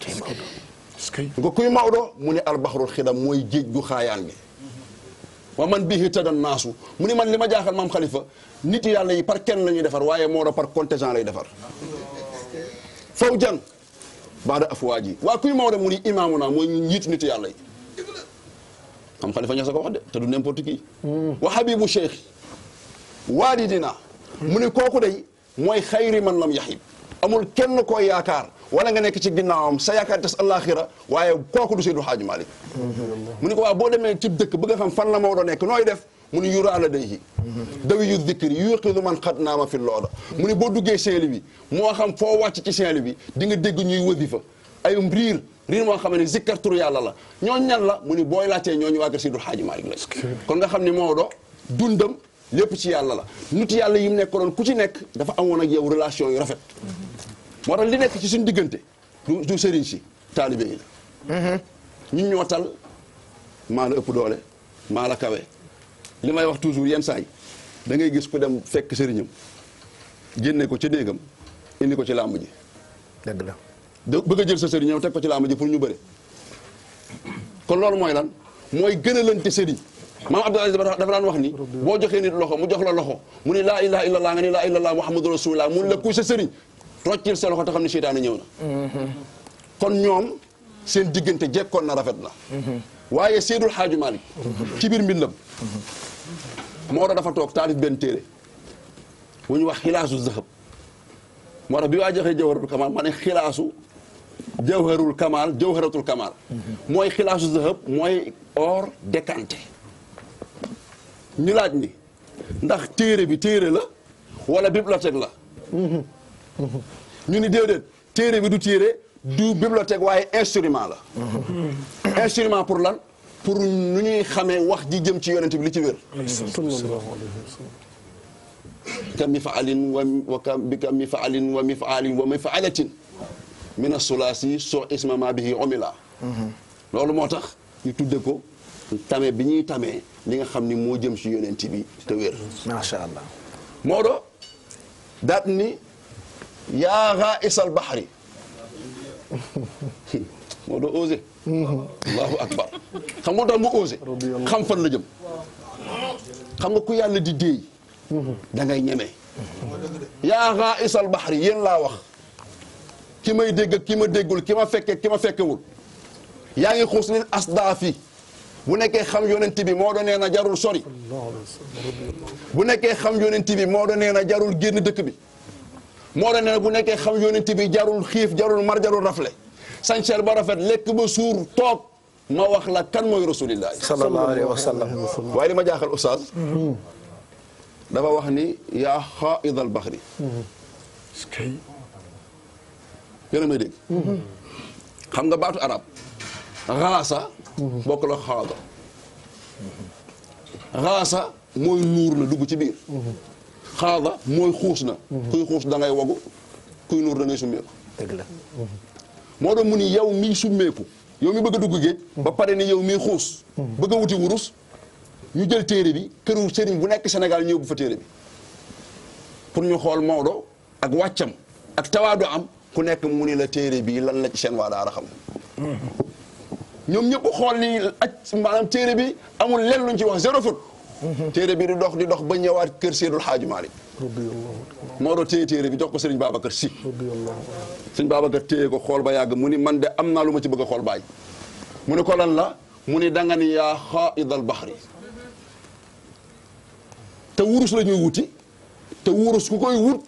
kay nga kuy Maodo mu ne albaxrul xidam mooy géej gu xaayaan gi. wa man bihi tadan naasu mu ni man li ma jaaxal maam xalifa nit yàlla yi par kenn la ñuy defar waaye Maodo par contingent lay defar faw jan baada afwaa ji waa kuy Maodo mu ni imaamu naa mooy njiit nit yàlla yi maam xalifa ñasa ko wax de te du n'importe qui mm. wa habibu cheikh waalidina mu ni kooku day mooy xayri man lam yaxib amul kenn koo yaakaar wala nga nekk ci ginnaawam sa yaakaar tas àllaaxira waaye kooku du Seydou Hadj Malick mu ni ko waaw boo demee ci dëkk bëgg nga xam fan la Maodo nekk nooy def mu ni yura ala day dawi yu dikri yuqidu man xat naama fi loola mu ni boo duggee saint bi moo xam foo wàcc ci saint bi di nga dégg ñuy wasifa ayum riir riir moo xam ne zikkar tur yàlla la ñooñ ñan la mu ni booy laajtee ñooñu waa kër Seydou Hadj Malick la kon nga xam ne Maodo dundam lépp ci yàlla la nit yàlla yi mu nekk doon ku ci nekk dafa amoon ak yow relation yu rafet moo tax li nekk ci suñu diggante du du sëriñ si taalibe yi la. Mm-hmm. ñun ñoo tal maa la ëpp doole maa la kawe li may wax toujours yenn saa dangay gis ku dem fekk sëriñam génne ko ca néegam indi ko ci làmb ji. dëgg la bëgg a jël sa sëriñam ko ci làmb ji pour ñu bëre. kon loolu mooy lan mooy gënalante sëriñ maam Abdou Aziz dafa daan wax ni. boo joxee nit loxo mu jox la loxo mu ni laa ilaha illallah nga ni a ilaha illallah muhammadu la kuy sa sëriñ toccil sa loxo te xam seytaane ñëw na kon ñoom seen diggante jekkoon na rafet na waaye seydul xaaju malik ci biir mbindam moo tax dafa toog taalif benn téere bu ñu wax xilaasu zahab moo tax bi waa joxee jawharatul kamal ma ne kamal mooy xilaasu zahab mooy or décanté ñu laaj ni ndax téere bi téere la wala bibliothèque la ñu ni déedéet téere bi du téere du bibliothèque waaye instrument la instrument pour lan pour nu ñuy xamee wax ji jëm ci yonent bi li ci wér ka mifaalin wa waka bi ka mifaalin wa mifaalin wa mifaalatin min asulaasi soo ismama bihi omila loolu moo tax ñu tudde ko tame bi ñuy tamee li nga xam ni moo jëm ci yonent bi te wér moo do daat ni yaa raisal bahri moo doo osé allahu akbar xam nga tax mu osé xam fan la jëm xam nga ku yàlla di déey da ngay ñeme yaa raisal bahri yéen laa wax ki may dégg ak ki ma déggul ki ma fekke ki ma fekkewul yaa ngi xuus nin asdaafi bu nekkee xam yonent bi moo doon nee na jarul sori bu nekkee xam yonent bi moo doon nee na jarul génn dëkk bi moo doon ne bu nekkee xam yónent bi jarul xiif jarul mar jarul rafle sañseel ba rafet lekk ba suur toog ma wax la kan mooy rasulillah sallallahu alayhi wa sallam waaye li ma jaaxal oustaz dafa wax ni yaa xaaid al baxri yéen a may dégg xam arab xaasa bokk la xaada xaasa mooy nuur la dugg ci xaada mooy xuus na kuy xuus da ngay wagu kuy nuur da ngay summeeku la moo doon mu ni yow miy summeeku yow mi bëgg a dugg géej ba pare ni yow mii xuus bëgg a wuti wurus ñu jël téere bi këru sëriñ bu nekk senegal ñëw bu fa téere bi pour ñu xool Maodo ak wàccam ak tawaadu am ku nekk mu ni la téere bi lan la ci seen waa daara xam ñoom ñëpp xool ni aj maanaam téere bi amul lenn luñ ci wax zéro faute téere bi di dox di dox ba ñëwaat kër Seydul Xaaji Maalik moo doon téye téere bi jox ko Sëriñ Babacar Si Sëriñ Babacar téye ko xool ba yàgg mu ni man de am naa lu ma ci bëgg xool baay mu ko lan la mu ni danga ni yaa xaaidal baxri wuti te wurus ku koy wut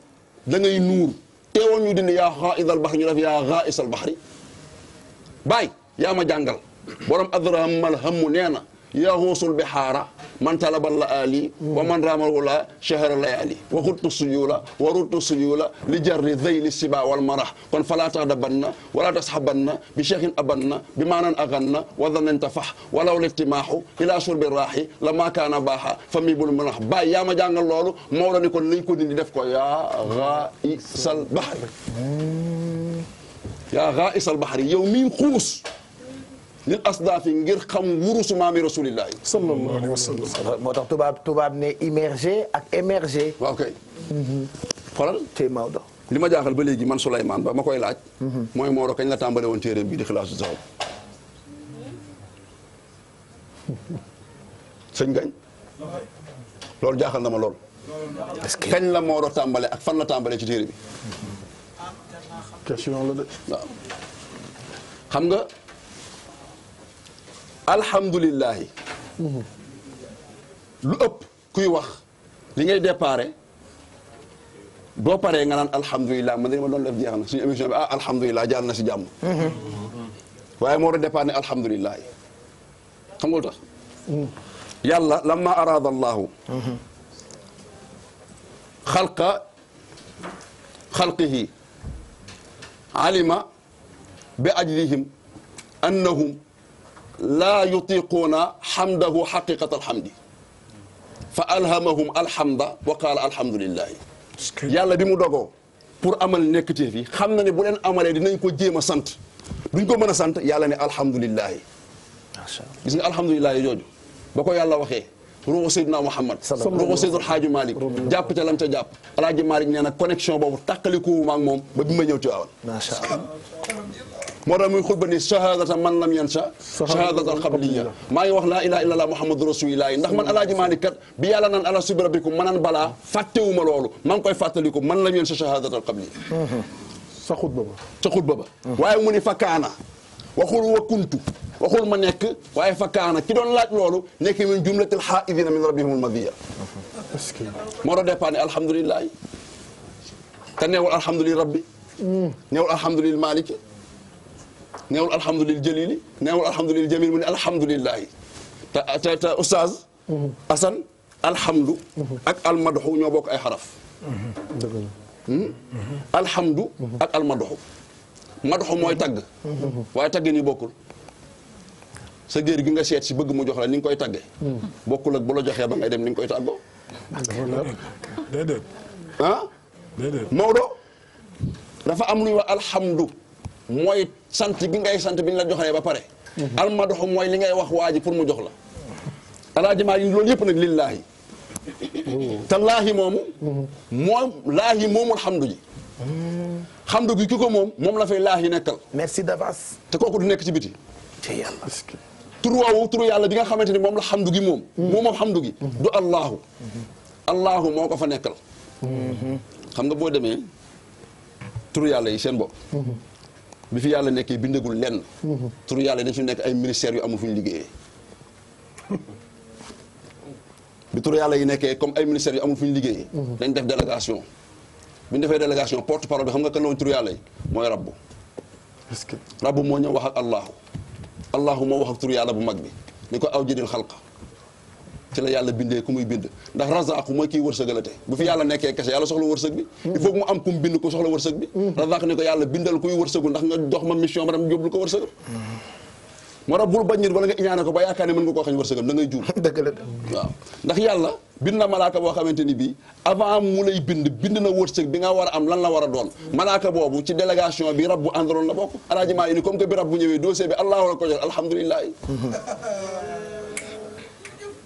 ñu dindi ñu def yaa xaaisal ma jàngal borom adra mal hammu nee na yaa xoosul bi man talabal la ali wa man ramal wula shahara layali wa xuttu suyula wa ruttu suyula li jarri dhayli siba wal marah kon fala tahdabanna wala tashabanna bi cheikhin abanna bi maanan aganna wa dhanan tafah walaw litimahu ila shurbi rahi lama kana baaha fami bul manah baay yaa ma jàngal loolu Maodo ni kon nañ ko dindi def ko yaa ghaisal bahri yaa ghaisal bahri yow mi xuus lil asdaafi ngir xam wurusu maami rasulillahi. moo tax tubaab tubaab ne immergé ak émergé. waaw mhm. li ma jaaxal ba léegi man Souleymane ba ma koy mhm. woon téeréem bi di xilaasu loolu jaaxal na ma lool. kañ la Maodo tàmbale ak fan la tàmbale ci téere bi. xam nga. alhamdulilahi lu ëpp kuy wax li ngay déparé boo paree nga naan ma doon def jeex na suñu émission bi ah alhamdulilah jaar na si jàmm. waaye moo doon départ ne alhamdulilah xam nga lu tax. yàlla lamma araada allahu. xalqa bi ajlihim annahum laa yutiquuna xamdahu xaqiqata alxamdi fa alhamahum alhamda wa qaala alhamdulillahi yàlla bi mu dogoo pour amal nekkiteef yi xam na ne bu leen amalee dinañ ko jéem a sant duñ ko mën a sant yàlla ne i gis nga alhamdulillahi jooju ba ko yàlla waxee ruuxu Seydina Muhammad ruuxu Seydina Xaaji Malick jàpp ca lam ca jàpp alaaji Malick nee na connexion boobu tàqalikuwuma ak moom ba ma ñëw ci waawan moo tax muy xutba ni shahadata man lam yansa shahadatan xabliya maa ngi wax laa ilaha illa allah muhammadu rasulillah ndax man alaaji maa ni kat bi yàlla naan ala subi rabbikum ma naan balaa fàttewuma loolu maa ngi koy fàttaliku man lam yansa shahadatan xabliya sa xutba ba sa xutba ba waaye mu ni fakkaana waxul wa kuntu waxul ma nekk waaye fakkaana ki doon laaj loolu nekk min jumlatil xaaidina min rabbihim almadiya moo doon dépend alhamdulilahi te neewul alhamdulil rabbi mm. neewul alhamdulil maliki neewul alhamdulil jalili neewul alhamdulil jamil mu ne alhamdulilahi te te te oustaz asan alhamdu ak almadoxu ñoo bokk ay xaraf hmm? alhamdu ak almadoxu madoxu mooy tagg waaye tagg ni bokkul sa géer gi nga seet si bëgg mu jox la ni nga koy tagge bokkul ak bu la joxee ba ngay dem ni nga koy tàggoo déedéet ah Maodo am lu alhamdu mooy sant gi ngay sant bi ñu la joxee ba pare. Mhm. almadoxu mooy li ngay wax waa ji pour mu jox la. alaaji maa yi loolu yëpp nag lillaahi. Mhm. te laahi moomu. Mhm. moom laahi xam xamdu ji. xamdu gi ki ko moom moom la fay laahi nekkal. merci d'avance. te kooku du nekk ci biti. te yàlla. tur yàlla bi nga xamante ni moom la xam xamdu gi moom. moom xam du gi. du Allahu. Allahu moo ko fa nekkal. xam nga boo demee turu yàlla yi seen bopp. bi fi yàlla nekkee bindagul lenn. Mhm. tur yàlla dañ fi nekk ay ministères yu amul fu ñu liggéeyee. bi tur yi nekkee comme ay ministères yu amul fu ñu liggéeyee. Mhm. dañ def délégation. bi ñu defee délégation porte parole bi xam nga kan la woon mooy rabbu. est que rabbu moo ñëw wax ak Allahu. Allahu moo wax ak tur bu mag bi ni ko aw jëdil xalqa ci la yàlla bindee ku muy bind ndax razaaku mooy kii wërsëgalate bu fi yàlla nekkee kese yàlla soxla wërsëg bi mm. il faut mu am ku bind ko soxla wërsëg bi mm. razaaku ne ko yàlla bindal kuy wërsëgu ndax nga jox ma mission ma dem yóbbul ko wërsëgam mm. moo tax bul bañ nit ko ba yaakaar ne mën nga koo xañ wërsëgam da ngay la waaw yàlla bind na malaaka boo xamante ni bii avant mu lay bind bind na wërsëg bi nga war a am lan la war a doon malaaka boobu ci délégation bi rabbu àndaloon la bokk alaaji maa yi ni comme que bi rabbu ñëwee dossier bi allah la ko jox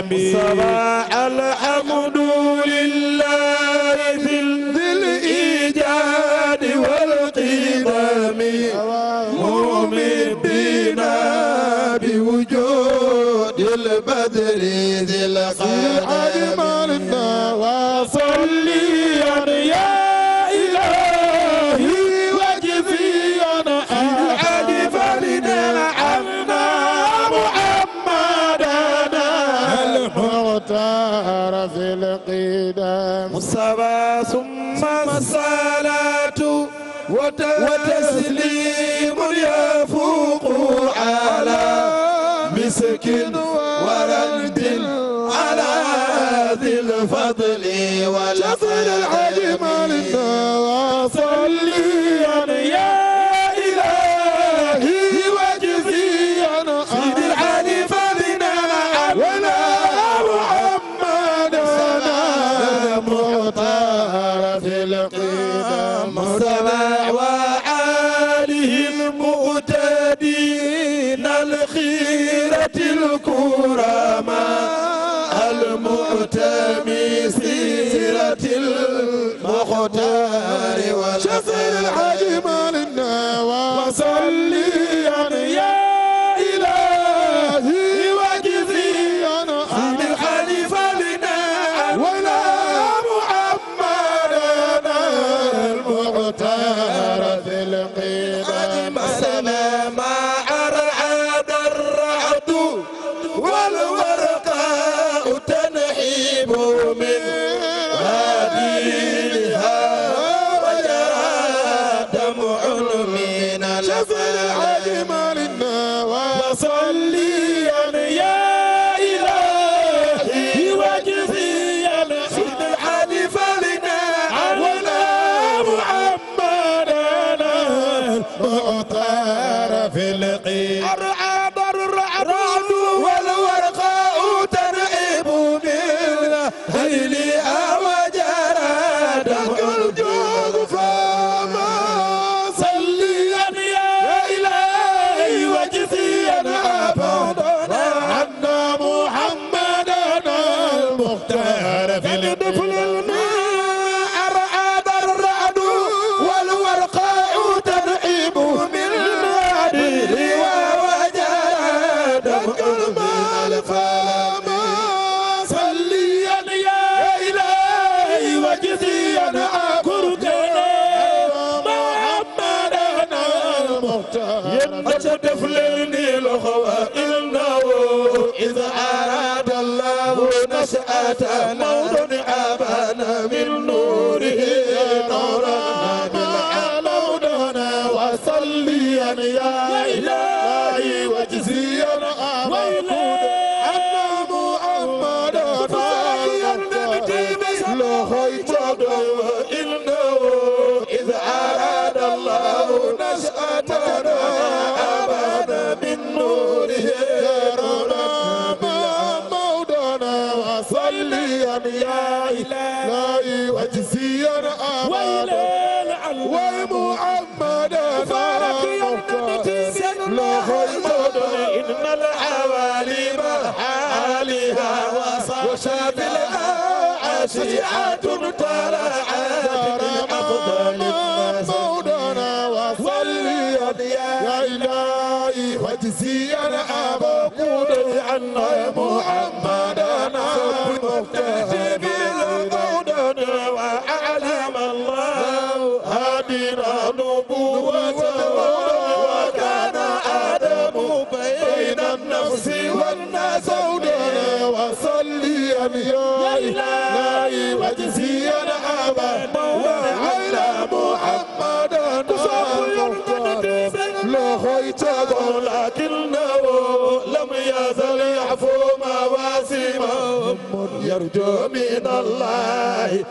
العالمين بين النفس والناس ودنا وصليا يا إلهي وجزيا أبا وعلى محمدا لخيت لكنه لم يزل يعفو مواسمه يرجو من الله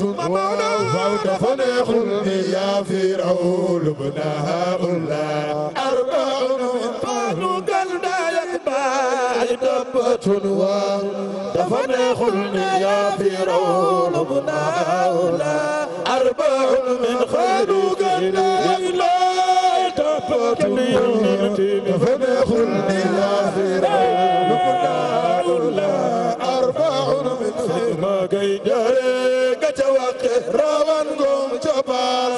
فوت فنخل يا فرعون بناها الله أربع قالوا قلنا يكبا دبة وفنخل يا فرعون بناها الله أربع من خلوا قلنا يكبا فنخل يا فرعون بناها الله أربع من خلوا قلنا يكبا ca waqe rawan ngom ca baal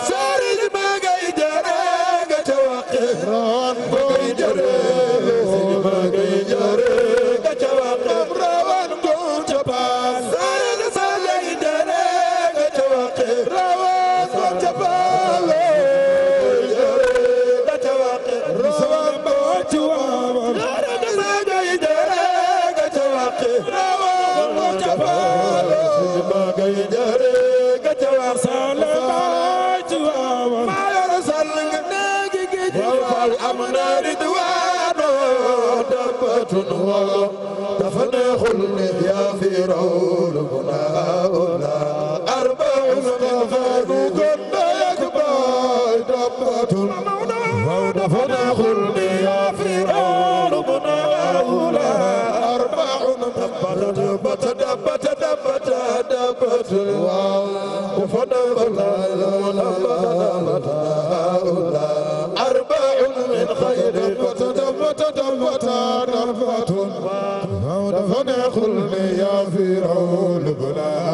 dalfata dalfata dalfatun dafa neexul ne yaa fi rawul balaa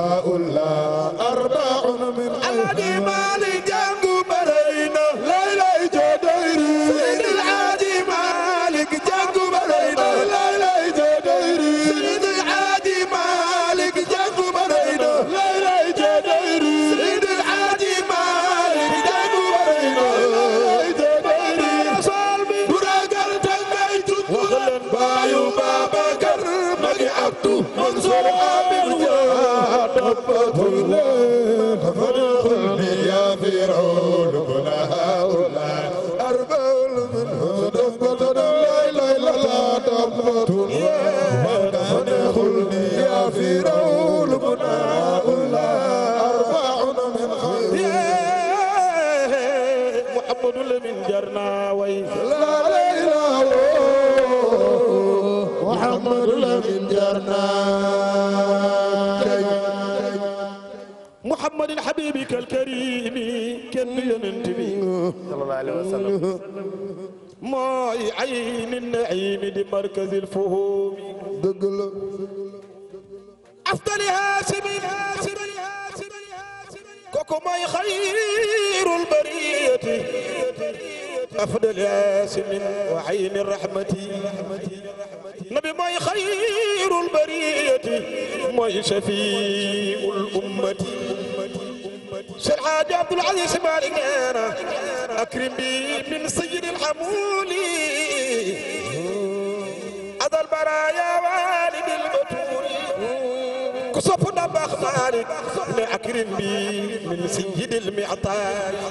shafiul ummati Cheikh Hadji Abdoul Aziz Sy Malick nee na akrim bi min sayyidil hamuli adal baraya walidil baturi ku sopp na baax Malick ne akrim bi min sayyidil mi'tari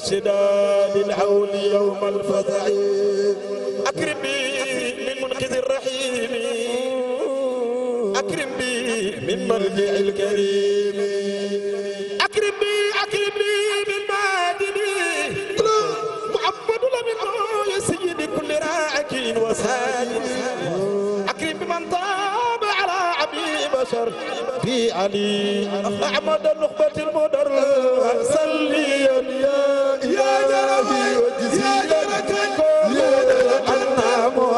والشداد الحول يوم الفزع أكرمني من منقذ الرحيم أكرم بي من مرجع الكريم أكرم بي أكرم لي من مادني محمد لمن يا سيدي كل راعك وسالم أكرم بمن طاب على عبي بشر في علي أحمد نخبة المدر صلي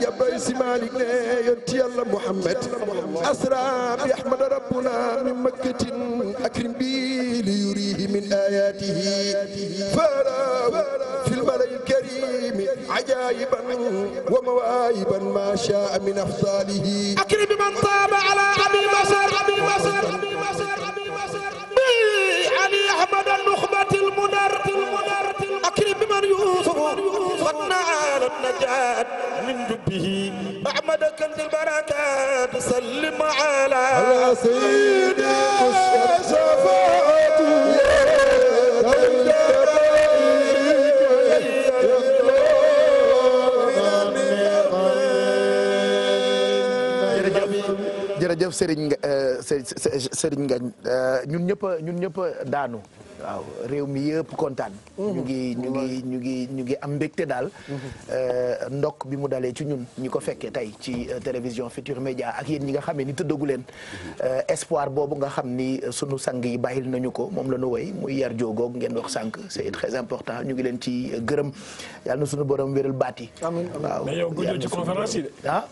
jabay si Malick ne yonti yàlla Muhammad asra bi ahmad rabbuna min makkatin akrim bi li yurihi min ayatihi faraw fil mala'il karim ajaiban wa mawaiban ma sha'a min afdalihi akrim man taba ala abi basar abi basar abi basar abi basar bi ali ahmad al-mukhbat al-mudar akrim man yusuf qad na'ala an-najat min به أحمد كنز البركات سلم على على سيدي الشفاعة يا رب jërëjëf Serigne Serigne ñëpp ñun daanu waaw réew mi yëpp kontaan. Mhm. ñu ngi ñu ngi ñu ngi ñu am mbégte daal. Mhm. Euh, ndokk bi mu dalee ci ñun ñi ko fekkee tey ci euh, télévision Futur Média ak yéen ñi nga xamee ni tëddagu leen. Mhm. Euh, espoir boobu nga xam ni sunu sang yi bàyyil nañu ko moom la ñu woy muy yar joogoog ngeen wax sànq c'est très important ñu ngi leen ci gërëm yàlla na sunu borom wéral baat yi. amiin waaw mais ah?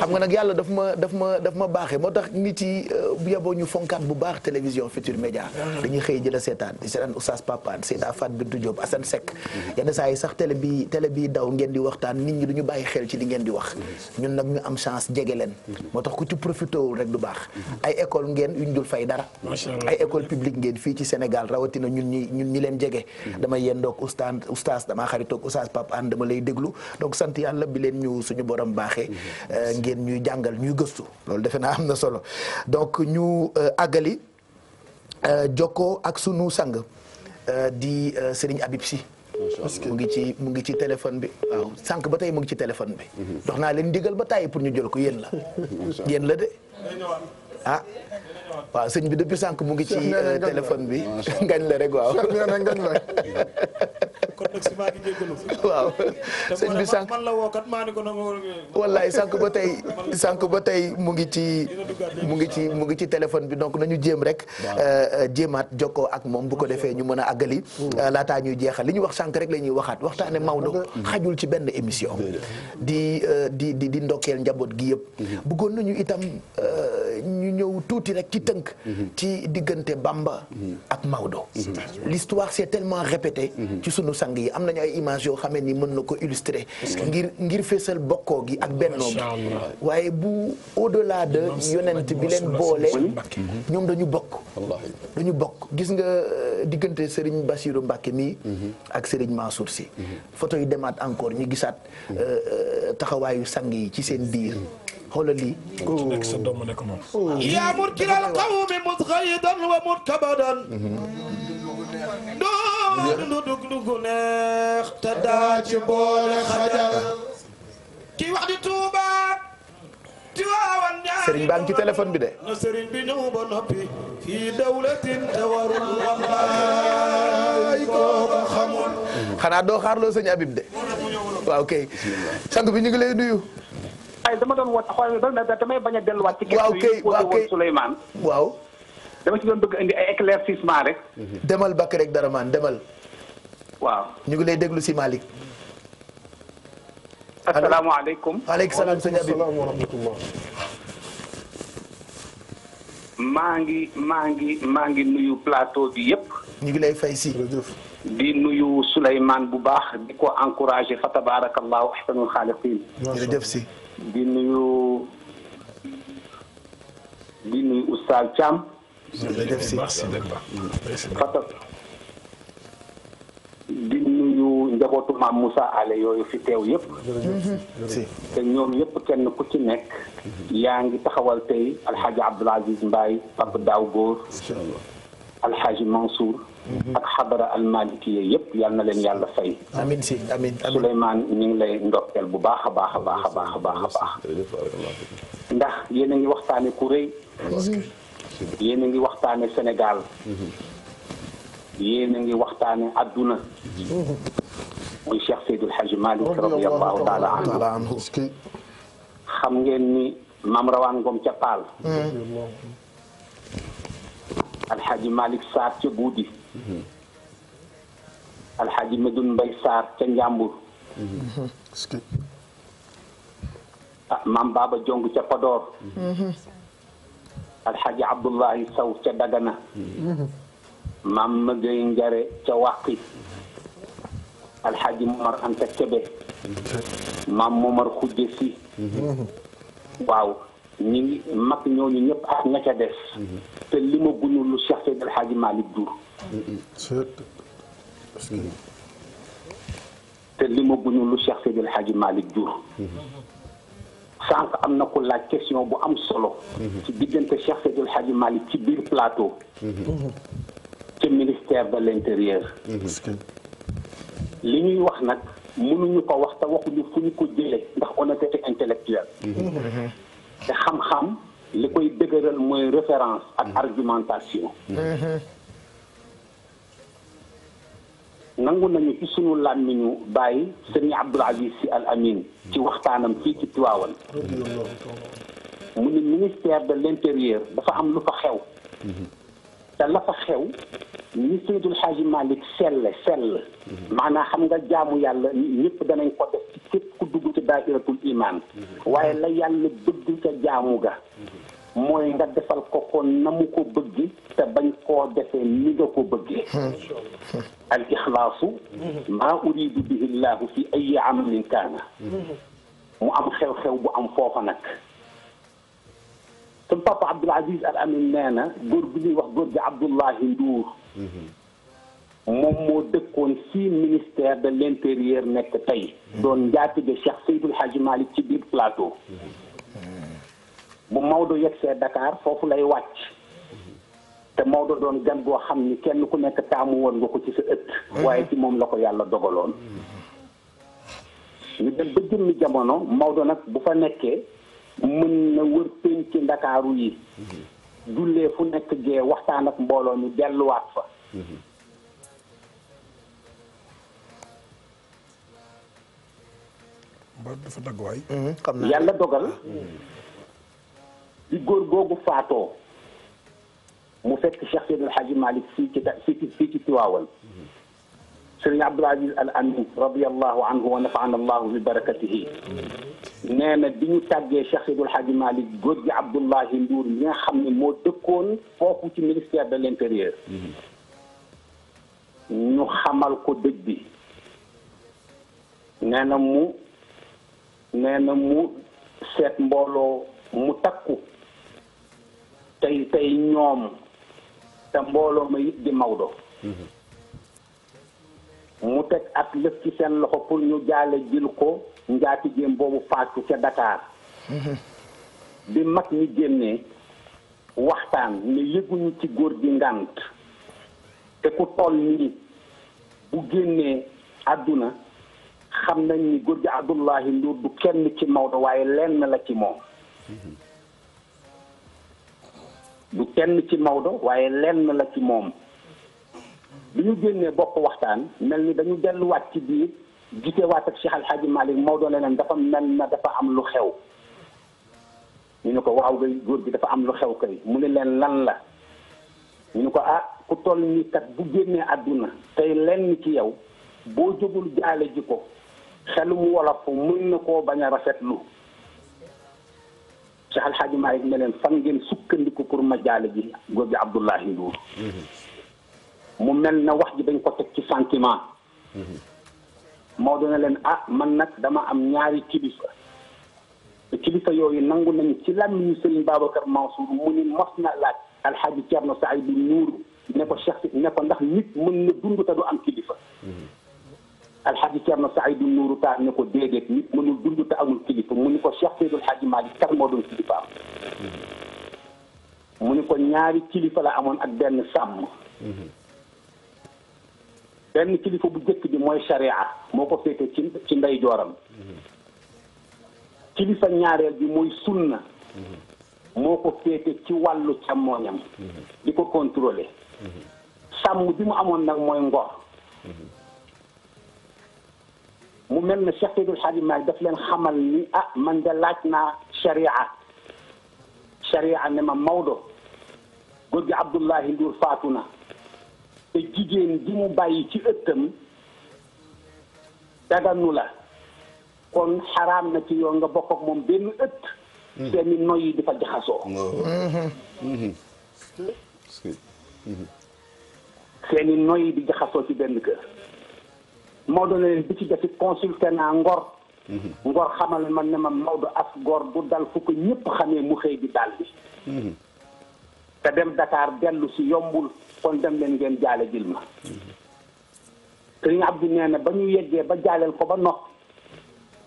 xam nga nag yàlla daf ma daf ma daf ma baaxee moo tax nit yi bu yaboo ñu fonkaat bu baax télévision Futur Média ah. dañuy xëy jël seetaan di seetaan Oustaz Papane Seyda Fat Bintou Diop Assane Seck yenn saa yi sax télé bi télé bi daw ngeen di waxtaan nit ñi du ñu bàyyi xel ci li ngeen di wax ñun nag ñu am chance jege leen moo tax ku ci profité wul rek du baax ay école ngeen yuñ dul fay dara ay école publique ngeen fii ci Sénégal rawatina ñun ñi leen jege dama yendoog Oustaz Oustaz damaa xaritoog Oustaz Papane dama lay déglu donc sant yàlla bi leen ñu suñu borom baaxee mm-hmm. euh, ngeen ñuy jàngal ñuy gëstu Euh, jokkoo ak sunu sang euh, di euh, Serigne Habib Sy mu ngi ci mu ngi ci téléphone bi waaw sànq ba tey mu ngi ci téléphone bi mhm. dox naa leen ndigal ba tàyyi pour ñu jël ko yéen la yéen la de waaw sëñ bi depuis sànq mu ngi ci euh, téléphone bi ngañ la rek waaw waaw sëñ bi sànq man la woo maa ni ko noonu wallaay sànq ba tey sànq ba tey mu ngi ci mu ngi ci mu ngi ci téléphone bi donc nañu jéem rek. Euh, euh, jéemaat jokkoo ak moom bu ko defee ñu mën a àggali. laataa ñuy jeexal li ñu wax sànq rek la ñuy waxaat waxtaane Maodo. xajul ci benn émission. di di di di njaboot gi yëpp. Mhm. bëggoon nañu itam ñu ñëw tuuti rek tënk ci diggante Bamba ak Maodo l'histoire s'est tellement répétée ci sunu sang yi am nañu ay images yoo xamee ni mën na ko illustrer ngir ngir feesal bokkoo gi ak bennoo gi waaye bu au-delà de yonent bi leen boole ñoom dañu bokk dañu bokk gis nga euh, diggante Serigne Bassirou Mbacké mii ak Serigne Mansour si mhm. photo yi demaat encore ñu gisaat mhm. euh, euh, taxawaayu sang yi ci seen biir xoolal lii. ku ci nekk sa doom mu nekk moom. Oh. Mm-hmm. bi de. na Serigne bi ñëw ba noppi. fii dawlatin te warul wallaay koo ko xamul. xanaa doo xaarloo sëñ Habib de. waaw kay sang bi ñu ngi nuyu. waaye dama doon woote xool da damay bañ a delluwaat. ci waaw kay waaw kay Souleymane waaw. dama ci doon bëgg indi ay éclaircissement rek. demal bakk rek dara maan demal. waaw ñu ngi lay déglu si Malick. asalaamaaleykum. waaleykum salaam sëñ Habib wa rahmatullah. maa ngi maa ngi maa ngi nuyu plateau bi yépp ñu ngi lay fay si. di nuyu Souleymane bu baax di ko encouragé fa tabarakallahu ahsanul xaaliqin jërëjëf si. di nuyu di nuyu Oustaz Thiam. jërëjëf si di nuyu njabootu maam Moussa Ale yooyu fi teew yëpp. te ñoom yëpp kenn ku ci nekk. yaa ngi taxawal tey Alhaji Abdoul Aziz Mbaye Pape Daw Góor. Alhaji Mansour. ak xadara almalikiya yëpp yal na leen yàlla fay. amiin si amiin amiin Souleymane ñu ngi lay ndokkeel bu baax a baax a baax a baax a baax a baax. ndax yéen a ngi waxtaane ku rëy. yéen a ngi waxtaane Sénégal. yéen a ngi waxtaane adduna. muy Cheikh Seydil Hadji Malick radiyallahu taala anhu xam ngeen ni Mame Rawane Ngom ca Paal. Hmm. Alhaji Malick Sarr ca Gudi. Mm-hmm. alxaaji Medoune Mbaye Sarr ca Njàmbur mm-hmm. ah maam Baba Jong ca Podor mm-hmm. alxaaji Abdullahi Saw ca Dagana maam Mëgëy Njare ca Wàqi alxaaji Momar mu Kebe maam Momar Xujje Si waaw ñu ngi mag ñooñu ñëpp ak ña ca des. te li ma gunu lu Cheikh Seydi El Hadji jur. te li ma gunu lu Cheikh Seydi El Hadji jur. sànq am na ko laaj question bu am solo. ci diggante Cheikh Seydi El Hadji ci biir plateau. ci ministère de l'intérieur. li ñuy wax nag mënuñu ko wax te waxuñu fu ñu ko jëlee ndax honnêteté intellectuelle. te xam-xam li koy dëgëral mooy référence ak mhm. argumentation mhm. nangu nañu ci sunu làmmiñu bàyyi sëñ Abdoul Aziz Sy Al Amin ci waxtaanam fii ci Tiwaawan mhm. mu ne ministère de l'intérieur dafa am lu fa xew te la fa xew ni Seydul Xaaji Malick sell sell maanaam xam nga jaamu yàlla ñëpp danañ ko def ci képp ku dugg ci daahiratul iman waaye la yàlla bëgg ca jaamu ga mooy nga defal ko ko na ko bëgg te bañ ko defee ni nga ko bëggee al ixlaasu maa uridu bihi llahu fi ayi amalin kaana mu am xew-xew bu am foofa nag suñu papa Abdoul Aziz Al nee na góor gu ñuy wax góor gi Abdoulahi Ndour moom moo dëkkoon ci ministère de l'intérieur nekk tey doon njaatige Cheikh Seydou Hadji Malick ci biir plateau bu Maodo yegsee dakaar foofu lay wàcc te Maodo doon gan goo xam ni kenn ku nekk taamu woon nga ko ci sa ëtt waaye ci moom la ko yàlla dogaloon ñu dem ba jëmmi jamono Maodo nag bu fa nekkee mën na wër penc ndakaaru yi jullee fu nekk gee waxtaan ak mbooloo mi delluwaat fa ba dafa dagg mhm, yàlla dogal di góor faatoo mu fekk Cheikh Seydil Hadji Malick fii ci fii sëriñ Abdoul Aziz Al Amin radiallahu anhu wa nafaana bi barakatihi nee na bi ñu tàggee Cheikh Seydul Hadji Malick góor gi Abdoulahi Ndour mi nga xam moo dëkkoon foofu ci ministère de l' intérieur ñu xamal ko dëj bi nee mu nee na mu seet mbooloo mu takku tey tey ñoom te mbooloo ma it di Maodo mu teg ak lëf ci seen loxo pour ñu jaale jël ko njaatigeem boobu faatu ca Dakar bi mag ñi génnee waxtaan ne yëguñu ci góor gi ngànt te ku toll nii bu génnee àdduna xam nañ ni góor gi Abdullahi Ndour du kenn ci Maodo waaye lenn la ci moom mhm. du kenn ci Maodo waaye lenn la ci moom bi ñu génnee bokk waxtaan mel ni dañu delluwaat ci biir gisewaat ak Cheikh Al Hadj Malick Maodo ne leen dafa mel na dafa am lu xew ñu ne ko waaw gay góor gi dafa am lu xew kay mu ne leen lan la ñu ne ko ah ku toll ni kat bu génnee àdduna tey lenn ci yow boo jógul jaale ji ko xelum wolof mën na koo bañ a rafetlu Cheikh Al Hadj Malick ne leen fan ngeen sukkandiku pour ma jaale ji góor gi Abdoulahi Ndour mu mel na wax ji dañ ko teg ci sentiment Maodo na leen ah man nag dama am ñaari kilifa te kilifa yooyu nangu nañu ci làmmiñu Serigne Babacar Mansour mu ni mos na laaj alxaaji Cerno Saïdu Nuuru ne ko Cheikh ne ko ndax nit mën na dund te du am kilifa alxaaji Cerno Saïdu Nuuru taar ne ko déedéet nit mënul dund te amul kilifa mu ni ko Cheikh Seydul Xaaji Maalik kan moo doon kilifaam mu ni ko ñaari kilifa la amoon ak benn sàmm benn kilifa bu jëkk bi mooy sharia moo ko féete ci ci ndey jooram kilifa ñaareel bi mooy sunna moo ko féete ci wàllu càmmooñam di ko contrôler sàmm bi mu amoon nag mooy ngor mu mel ne Cheikh Seydil Hadji daf leen xamal ni ah man de laaj naa sharia sharia ne ma Maodo góor gi Abdullahi Ndour faatu na te jigéen bi mu bàyyi ci ëttam daganu la kon xaraam na ci yoon nga bokk moom benn ëtt seeni hmm. noyyi di fa jaxasoo hmm. Hmm. seeni noyyi di jaxasoo ci benn kër moo doon leen bi ci defi consulté naa ngor ngor xamal man ne ma Maodo as góor bu dal fu ko ñëpp xamee mu xëy di dal bi te dem Dakar dellu si yombul kon dem leen ngeen jaale jil ma sëriñ Abdou nee na ba ñu yeggee ba jaaleel ko ba noppi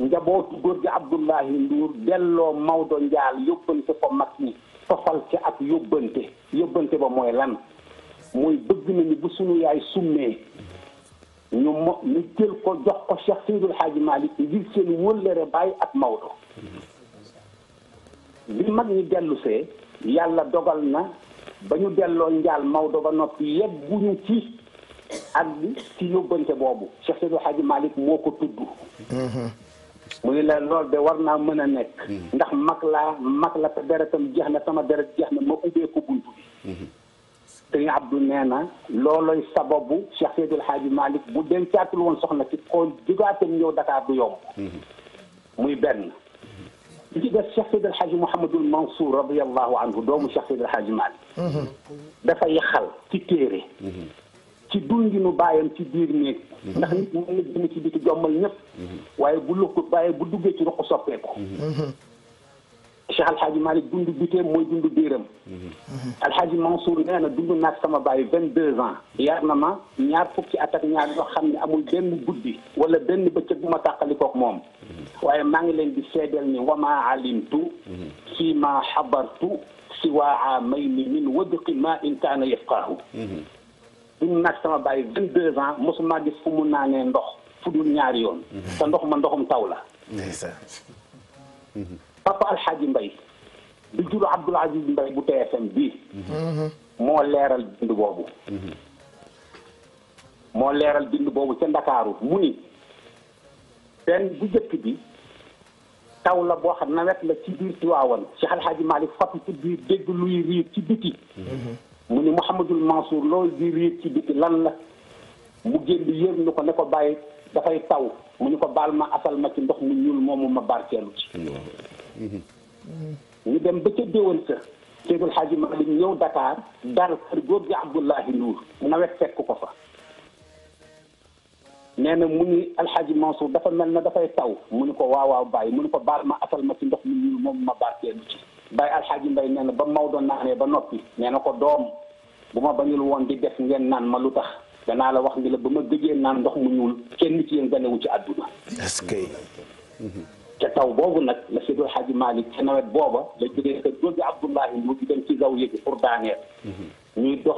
njabootu góor gi Abdoulahi Ndour delloo Maodo Njaal yóbbante ko mag ñi tofal ci ak yóbbante yóbbante ba mooy lan mooy bëgg nañu bu sunu yaay summee ñu mo ñu jël ko jox ko Cheikh Seydul Haaji Malick ngir seen wëllëre bàyyi ak Maodo bi mag ñi dellusee yàlla dogal na ba ñu delloo njaal Maodo ba noppi yegguñu ci ak ci yóbbante boobu Cheikh Seydou Hadji Malick moo ko tudd mm-hmm. mu ne la lool de war naa mën a nekk mm-hmm. ndax mag laa mag la te deretam jeex na sama deret jeex na ma ubbee ko bunt bi mm-hmm. sëñ Abdou nee na looloy sababu Cheikh Seydil Hadji Malick bu dencaatul woon soxna ci xool jugaatam ñëw Dakar du yomb muy benn li ci des Cheikh Seydi El Hadji Mouhamadul Mansour radiallahu anhu doomu Cheikh Seydi El Hadji Malick mhm. dafa yaxal ci téere mhm. ci dundinu bàyyam ci biir néeg mhm. ndax nit mën na jëm ci biti jommal ñëpp waaye bu lëkku waaye bu duggee ci ruq soppeeku Cheikh Alhaji Malick dund biteem mooy dund biiram mm-hmm. Alhaji Mansour na dund naag sama bay vingt deux ans yar na ma ñaar fukki at ak ñaar xam ne amul benn guddi wala denn bëccëg bu ma tàqalikook moom mm-hmm. waaye maa ngi leen di seedeel ni wama alimtu mm-hmm. fii ma xabartu siwaa may ni min wadqi ma in kaana yafqaahu dund naag sama baay vingt deux ans mosuma gis fu ndox fu dul ñaari yoon te ndox ma ndoxum taw la papa alxaaji mbay di jur abdul aziz mbay bu TFM bii mm-hmm. moo leeral bind boobu mm-hmm. moo leeral bind boobu ca ndakaaru mu ni benn bu jëkk bi taw la boo xam nawet la ci biir Tiwaawan Cheikh Alxaaji Malick fatu ci biir dégg luy riir ci biti mm-hmm. mu ni Mouhamadul Mansour loolu di riir ci biti lan la mu génn yër ni ko ne ko bàyyi dafay taw mu ni ko baal ma asal ma ci ndox mu ñuul moomu ma barkeelu ci ñu dem ba ca déwén sa Seydul Xaaji Maalik ñëw Dakar dara kër góor gi Abdullahi Nuur nawet fekk ko fa nee na mu ni alxaaji Mansour dafa mel na dafay taw mu ni ko waawaaw bàyyi mu ni ko baal ma asal ma ci ndox mi ñuul moom ma barkeelu ci bàyyi alxaaji mbay nee na ba Maodo naanee ba noppi nee na ko doom bu ma bañul woon di def ngeen naan ma lu tax danaa la wax ni la ba ma gëjee naan ndox mu ñuul kenn ci yéen ganewu ci àdduna est mm-hmm. ca taw boobu nag la Seydul Xaaji Malick ca nawet booba la jógee kër góor gi Abdoulahi mu di ci zawiya bi pour daaneel. Mhm. ñuy dox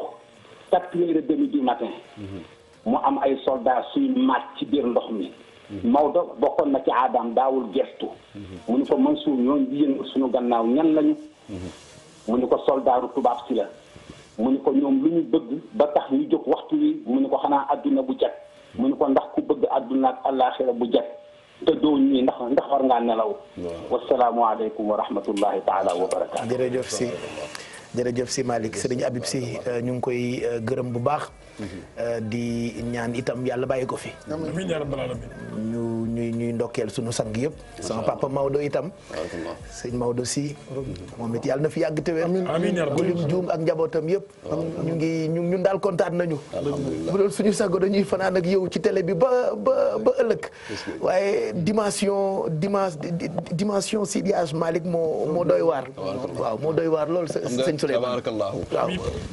quatre heures demi du matin. Mhm. mu am ay soldats suy màcc ci biir ndox mi. Mhm. Maodo bokkoon na ci aadam daawul gestu. mu ni ko Mansour ñooñu di suñu gannaaw ñan lañu. mu ni ko soldaaru tubaab si la. mu ni ko ñoom lu ñu bëgg ba tax ñu jóg waxtu wi mu nu ko xanaa àdduna bu jag. mu ni ko ndax ku bëgg adduna ak bu jag. te doo ñii ndax ndax war ngaa nelaw. waaw wasalaamualeykum wa rahmatullahi taala wa barakaatu. jërëjëf si jërëjëf si Malick Serigne Habib si euh, ñu ngi koy euh, gërëm bu baax. Euh, di ñaan itam yàlla bàyyi ko fi. ñu ñuy ñuy ndokkeel suñu sang yëpp. sama papa Maodo itam. sëñ Maodo si. moom it yàlla na fi yàgg te wér. amiin juum ak njabootam yëpp. ñu ngi ñu ñun daal kontaan nañu. bu doon suñu sago dañuy fanaan ak yow ci tele bi ba ba ëllëg. waaye dimension dimension dimension Seydi Hadji Malick moo moo doy waar. waaw moo doy waar lool sëñ Souleymane. waaw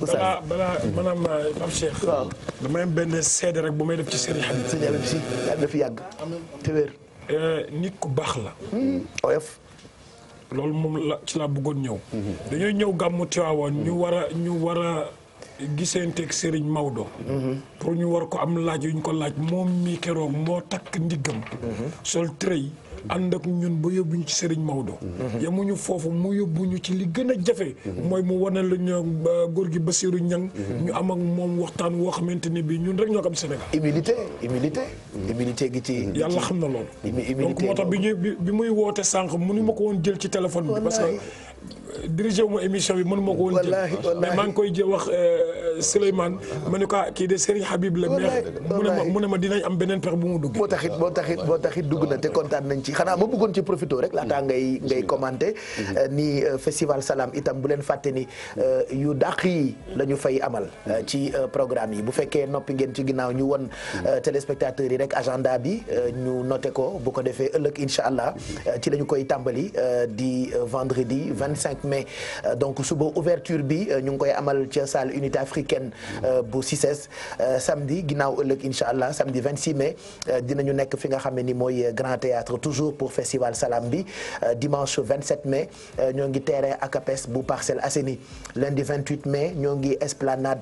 balaa balaa maanaam Pape Cheikh. waaw dama am benn seede rek bu may def ci sëriñ Habib. sëriñ Habib si yàlla na fi yàgg. te wér. Eh, nit ku baax la. Hmm, oyof. loolu moom la ci laa bëggoon ñëw. Hmm, hmm. dañoo ñëw gàmmu Tiwaawoon ñu war ñu war gisanteeg Serigne Maodo. pour ñu war ko am laaj yuñ ko laaj moom mii keroog moo takk ndiggam. sol tërëy ànd ak ñun ba yóbbuñu ci Serigne Maodo. yamuñu foofu mu yóbbu ñu ci li gën a jafe. mooy mu wane la ñu góor gi Basirou ñan ñu am ak moom waxtaan woo xamante ni bii ñun rek ñoo ko am Sénégal. humilité humilité. humilité gi ci yàlla xam na loolu. donc moo tax bi ñu bi muy woote sànq mënu ma ko woon jël ci téléphone bi. parce dirigé wu ma émission bi mënu ma ko woon jël mais maa ngi koy jë wax euh, Souleymane ma ne ko ah, kii de Serigne Habib la mu ne ma mu am beneen pex bu mu dugg moo taxit moo taxit moo dugg na te kontaan nañ ci xanaa ma bëggoon ci profité rek laataa ngay ngay commenté euh, ni euh, festival salaam itam bu leen fàtte ni yu dàq yi lañu fay amal ci programme yi bu fekkee noppi ngeen ci ginnaaw ñu won téléspectateurs yi rek agenda bi ñu noté ko bu ko defee ëllëg incha allah ci lañu koy tàmbali di vendredi cinq mais euh, donc suba ouverture bi euh, ñu ngi koy amal ca salle unité africaine euh, bu CICES samedi ginnaaw ëllëg incha allah samedi 26 mai dinañu nekk fi nga xam ne ni mooy grand théâtre toujours pour festival salam bi dimanche 27 mai ñoo ngi terrain ACAPES bu Parcelles Assainies lundi 28 mai ñoo ngi esplanade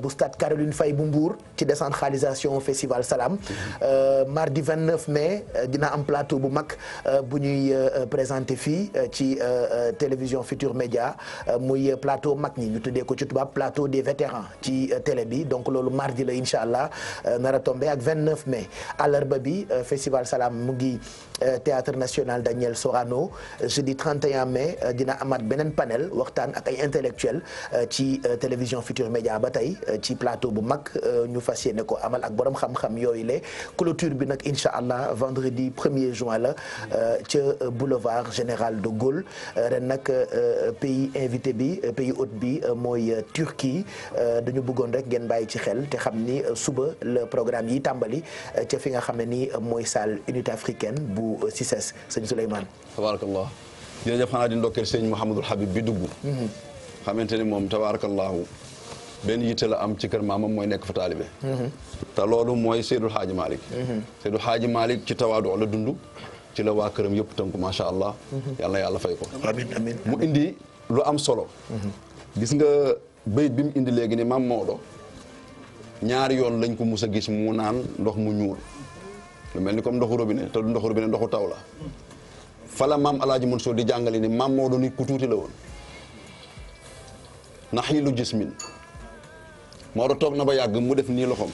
bu stade Caroline fay bu Mbour ci décentralisation festival salam mardi 29 mai dina am plateau bu mag bu ñuy présenter fii ci télévision Futurs Futurs Médias euh, muy plateau mag ñi ñu tuddee ko ci tubaab plateau des vétérans ci euh, télé bi donc loolu mardi la incha allah euh, nar a tombé ak 29 mai àllarba bi festival Salam mu ngi théâtre national Daniel Sorano jeudi 31 mai dina amaat beneen panel waxtaan ak ay ci télévision Futurs Médias ba tey ci plateau bu mag ñu fas yéene ko amal ak borom xam-xam yooyu le clôture bi nag incha allah vendredi 1er juin la ca boulevard général de Gaulle ren nag. Euh, pays invité bi euh, pays hôte bi euh, mooy Turquie dañu bëggoon rek ngeen bàyyi ci xel te xam ni suba le programme yi tàmbali ca fi nga xam ni mooy salle unité africaine bu CICES sëñ Souleymane. tabarakallah jërëjëf xanaa di ndokkeel sëñ Mouhamadul Habib bi dugg. Mhm. xamante ni moom tabarakallahu benn yitte la am ci kër maamam mooy nekk fa taalibe. Mhm. te loolu mooy Seydou Hadj Malick. Mhm. Seydou Hadj Malick ci tawaadu la dund. ci la waa këram yëpp tënku macha allah. Mhm. yàlla yàlla fay ko. mu indi lu am solo. Mhm. gis nga bayit bi mu indi léegi ni maam Maodo ñaari yoon lañ ko mus a gis mu naan ndox mu ñuul lu mel ni kom ndoxu robinet te ndoxu robinet ndoxu taw la fala maam Alaaji Mansour di jàngale ni maam Maodo nit ku tuuti la woon naxiilu jismin Maodo toog na ba yàgg mu def nii loxoom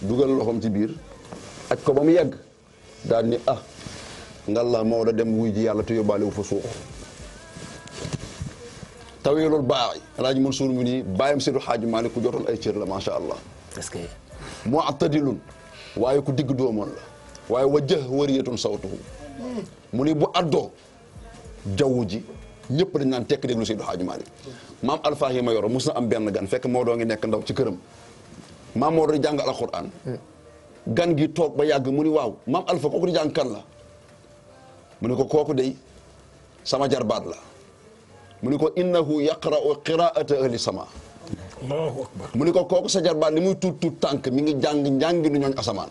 dugal loxoom ci biir aj ko ba mu yàgg. daal ni ah ngalla Maodo dem wuy ji yàlla te yóbbaale wu fa suux tawilul baay alaaji Mansuur mu nii bàyyam Seydou Xaaji Maalik ku jotoon ay cër la macha allah. est-ce que. moo atadilun waaye ku digg doomoon la waaye wajjah wariyatun sawtu mu ni bu addoo jaww ji ñëpp dañ naan tekk déglu Seydou Xaaji Maalik maam Alfaahi ma yoro mos na am benn gan fekk Maodo ngi nekk ndaw ci këram maam Maodo di jàng alquran. gan gi toog ba yàgg mu ni waaw maam Alpha kooku di jàng kan la mu ne ko kooku day sama jarbaat la mu ni ko innahu yaqra'u qiraa'ata ahli sama allahu akbar mu ni ko kooku sa jarbaat li muy tuut tuut tànk mi ngi jàng njàng nu ñooñ asamaan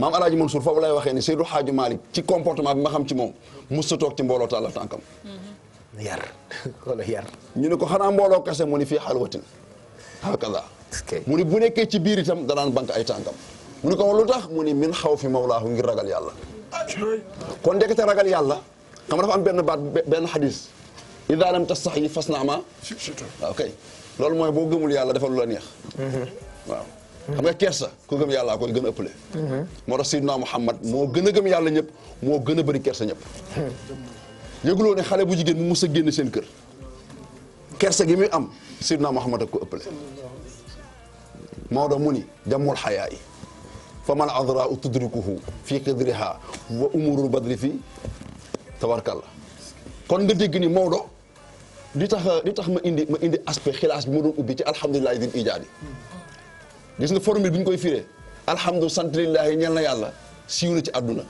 maam alaaji Mansour foofu lay waxee ni Seydou Hadji Malick ci comportement bi ma xam ci moom musta toog ci mbooloo tàllal tànkam mm-hmm. yar kolo ñu ne ko xanaa mbooloo kese mu ni fii xalwatin hakada mu ni bu nekkee ci biir itam danaan bank ay tànkam mu ni ko lu tax mu ni min xaw fi mawlaahu ngir ragal yàlla kon ndekete ragal yàlla xam nga dafa am benn baat benn xadis ida lam tastaxyi fas naa ma waaw loolu mooy boo gëmul yàlla dafa lu la neex waaw xam nga kersa ku gëm yàlla koy gën a ëppale moo tax Seydina Muhammad moo gën a gëm yàlla ñëpp moo gën a bari kersa ñëpp yëguloo ne xale bu jigéen mu mus a génn seen kër kersa gi muy am Seydina Muhammad ak ko ëppale Maodo mu ni jamul xayaa yi fa mal adraau tudrikuhu fii qidriha wa umurul badri fi tabarkalla kon nga dégg ni Maodo li tax li tax ma indi ma indi aspect xilaas bi ma doon ubbi ci alhamdulilahi dil ijaadi gis nga formule bi ñu koy firee alhamdu sant lillahi ñeel na yàlla siiw na ci àdduna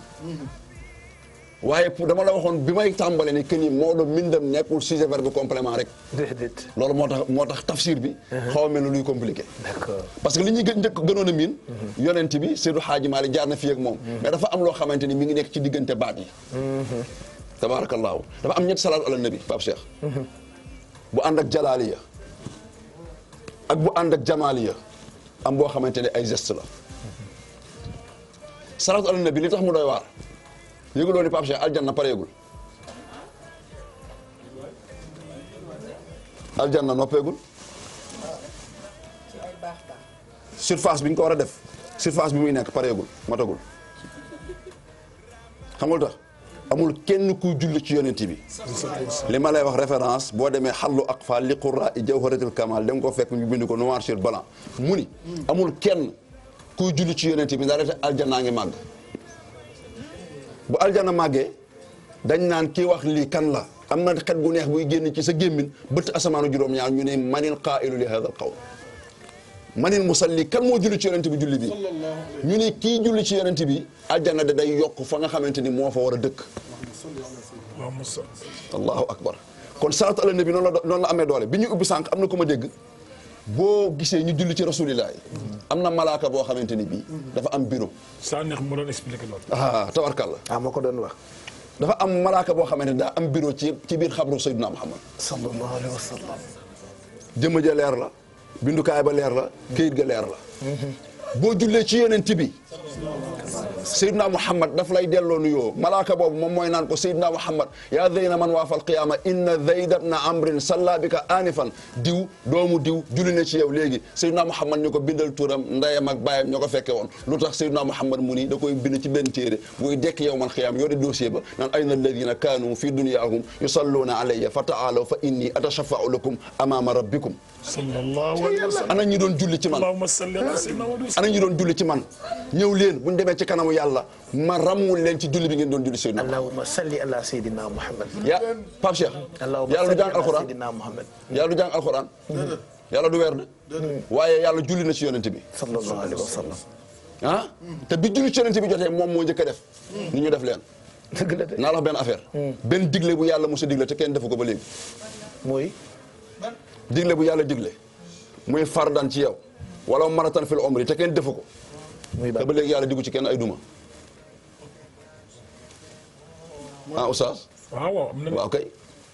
waaye pour dama la waxoon bi may tàmbalee ni que ni Maodo mbindam nekkul sujet verbe complément rek. déedéet loolu moo tax moo tax tafsir bi. Uh-huh. xaw a mel ni luy compliqué. parce que li ñuy gën njëkk gënoon miin. Uh-huh. yonent bi Seydou Hadji Malick jaar na fi ak moom. Uh-huh. mais dafa am loo xamante ni mi ngi nekk ci diggante baat yi. tabaarakallaahu dafa am ñetti salaatu ala nabi Pape Cheikh. bu ànd ak jalaaliya ak bu ànd ak jamaaliya am boo xamante ne ay geste la. salaatu ala nabi li tax mu doy waar. yëguloo ni Pape Cheikh aljanna pareegul aljanna noppeegul surface bi ñu ko war a def surface bi mu nekk pareegul matagul xamul tax amul kenn ku julli ci yonent bi li ma lay wax référence boo demee xallu ak fa li qurra i jawharatul kamal dem ko fekk ñu bind ko noir sur blanc mu ni amul kenn kuy julli ci yonent bi ndax rete aljanna ngi màgg bu aljana màggee dañ naan kii wax lii kan la am na xet gu neex buy génn ci sa gémmiñ bët asamaanu juróom-ñaar ñu ne manil qaa'ilu li haadha al qawl manil musalli kan moo julli ci yonent bi julli bi ñu ne kii julli ci yonent bi aljana da day yokk fa nga xamante ni moo fa war a dëkk allahu akbar kon salaatu ala nabi noonu la noonu la amee doole bi ñu ubbi sànq am na ku ma dégg boo gisee ñu julli ci rasulillah am na malaaka boo xamante ni bii. dafa am bureau. saa neex ma doon expliqué loolu. ah tabarkalla. ah ko doon wax. dafa am malaaka boo xamante ni daa am bureau ci ci biir xabru sayyidina Muhammad. sallallahu alayhi wa sallam. jëmm ja leer la. bindukaay ba leer la. këyit ga leer la. Mhm. boo jullee ci yonent bi. Seydina Muhammad daf lay delloo nuyoo malaaka boobu moom mooy naan ko Seydina Muhammad yaa zeyna man waafal qiyaama inna zeyda bna amrin salla bika anifan diw doomu diw julli na ci yow léegi Seydina Muhammad ñu ko bindal turam ndeyam ak baayam ñoo ko fekke woon lu tax Seydina Muhammad mu ni da koy bind ci benn téere buy yow man xiyaam yore dossier ba naan ayna alladina kaanu fi dunyaahum yusalluuna alayya fa taalaw fa inni atashafau lakum amaama rabbikum ana ñu doon julli ci man ana ñu doon julli ci man ñëw leen bu ñu demee ci kanamu yàlla ma ramul leen ci julli bi ngeen doon julli seen. allahumma salli ala sayyidina muhammad. ya Pape Cheikh. yàlla du jàng alxuraan yàlla du jàng alxuraan. yàlla du weer na. waaye yàlla julli na ci yonent bi. sallallahu alayhi wa sallam. ah te bi julli ci yonent bi jotee moom moo njëkk a def. ni ñu def leen. dëgg la naa la wax benn affaire. benn digle bu yàlla mos a digle te kenn defu ko ba léegi. mooy. digle bu yàlla digle. muy fardan ci yow. wala maratan fil omri te kenn defu ko. muy ba léegi yàlla diggu ci kenn ay duma. ah oustaz. waaw ah, waaw am na waaw kay.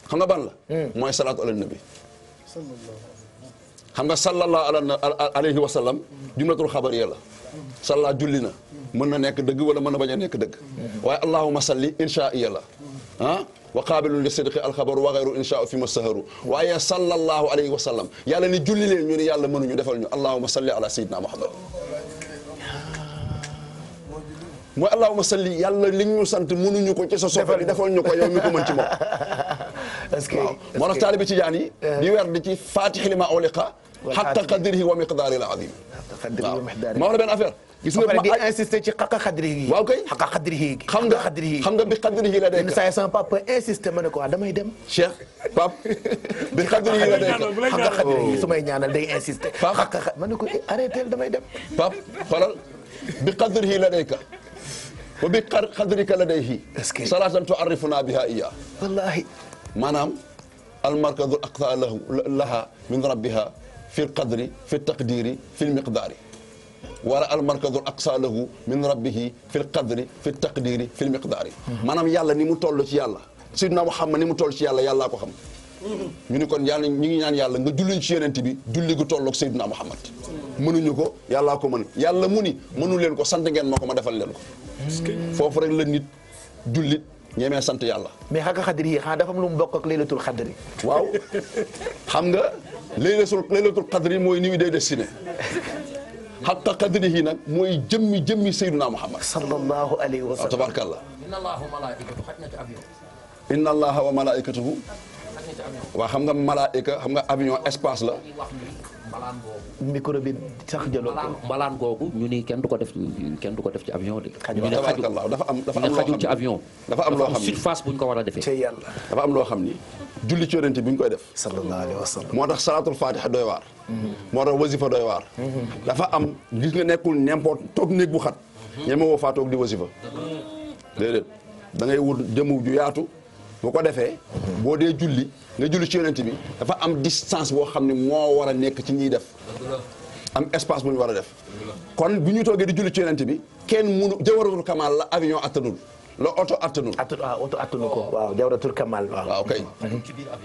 xam nga ban la. Hmm. mooy salaatu ala nabi. xam nga sallallahu alayhi wa sallam. jumlatul xabar yàlla. salla julli na. mën na nekk dëgg wala mën na bañ a nekk dëgg. Hmm. waaye allahumma salli insha yàlla. ah wa qaabilun li sidqi alxabaru wa gayru insha fi ma saharu waaye sallallahu alayhi wa sallam yàlla ni julli leen ñu ne yàlla mënuñu defal ñu allahumma salli ala sayyidina muhammad mooy allahumma salli yàlla li ñu sant mënuñu ko ci sa soppe bi defal ñu ko yow mi ko mën ci moom. est-ce que waaw moo tax taalibi ci jaan yi. Eh. di weer di ci faatixi li ma oliqa. xatta qadrihi wa miqdaari la azim. waaw ma wax la benn affaire. gis nga ma di insister ci xaqa xadri yi. waaw kay xaqa xadri yi. xam nga xam nga bi xadri yi la dekk. saa sama papa insister ma ne ko ah damay dem. Cheikh Pape bi xadri yi la dekk xaqa xadri yi su may ñaanal day insister. Pape xaqa ma ne ko eh, arrêté damay dem. Pape xoolal bi xadri yi la dekk. wa bi xadrika ladayhi salaatan tuarrifuna biha iya wallahi maanaam almarkadu aqsa lahu laha min rabbiha fi lqadri fi ltaqdiri fi lmiqdaari wala almarkadu aqsa lahu min rabbihi fi lqadri fi ltaqdiri fi lmiqdaari maanaam yàlla ni mu toll ci yàlla sidna Muhammad ni mu toll ci yàlla yàllaa ko xam ñu ni kon yàlla ñu ngi ñaan yàlla nga julliñ ci yonent bi julli gu tolloog Seydina Muhammad mënuñu ko yàllaa ko mën yàlla mu ni mënu leen ko sant ngeen ma ko ma defal leen ko foofu rek la nit jullit ñemee sant yàlla mais xaka xadri yi xanaa dafa am lu mu bokk ak laylatul xadri waaw xam nga laylatul laylatul xadri mooy ni de day destiné xaqa xadri yi nag mooy jëmmi jëmmi Seydina Muhammad sallallahu alayhi wa sallam tabarkallah inna allaha wa malaikatahu waaw xam nga malaayika xam nga avion espace la. micro bi sax jëloo ko. malaan googu ñu ni kenn du ko def kenn du ko def ci avion de. xajul dafa am dafa am loo xam ci avion. dafa am loo xam ni ko war a defee. ca yàlla dafa loo xam ni. julli ci yonent bi ñu koy def. sallallahu alayhi wa moo tax salaatul fatiha doy waar. moo tax wasifa doy waar. dafa am gis nga nekkul n'importe toog néeg bu xat. Mhm. ñeme woo faa toog di wasifa. déedéet da ngay wut ju yaatu. bu ko defee boo dee julli nga julli ci yonent bi dafa am distance boo xam ne moo war a nekk ci ñiy def am espace bu ñu war a def kon bu ñu toogee di julli ci yonent bi kenn mënu jawarul kamaal la avion attanul loo oto attanu. attanu ah oto attanu ko waaw Jawratul Kamal waaw. waaw ah, kay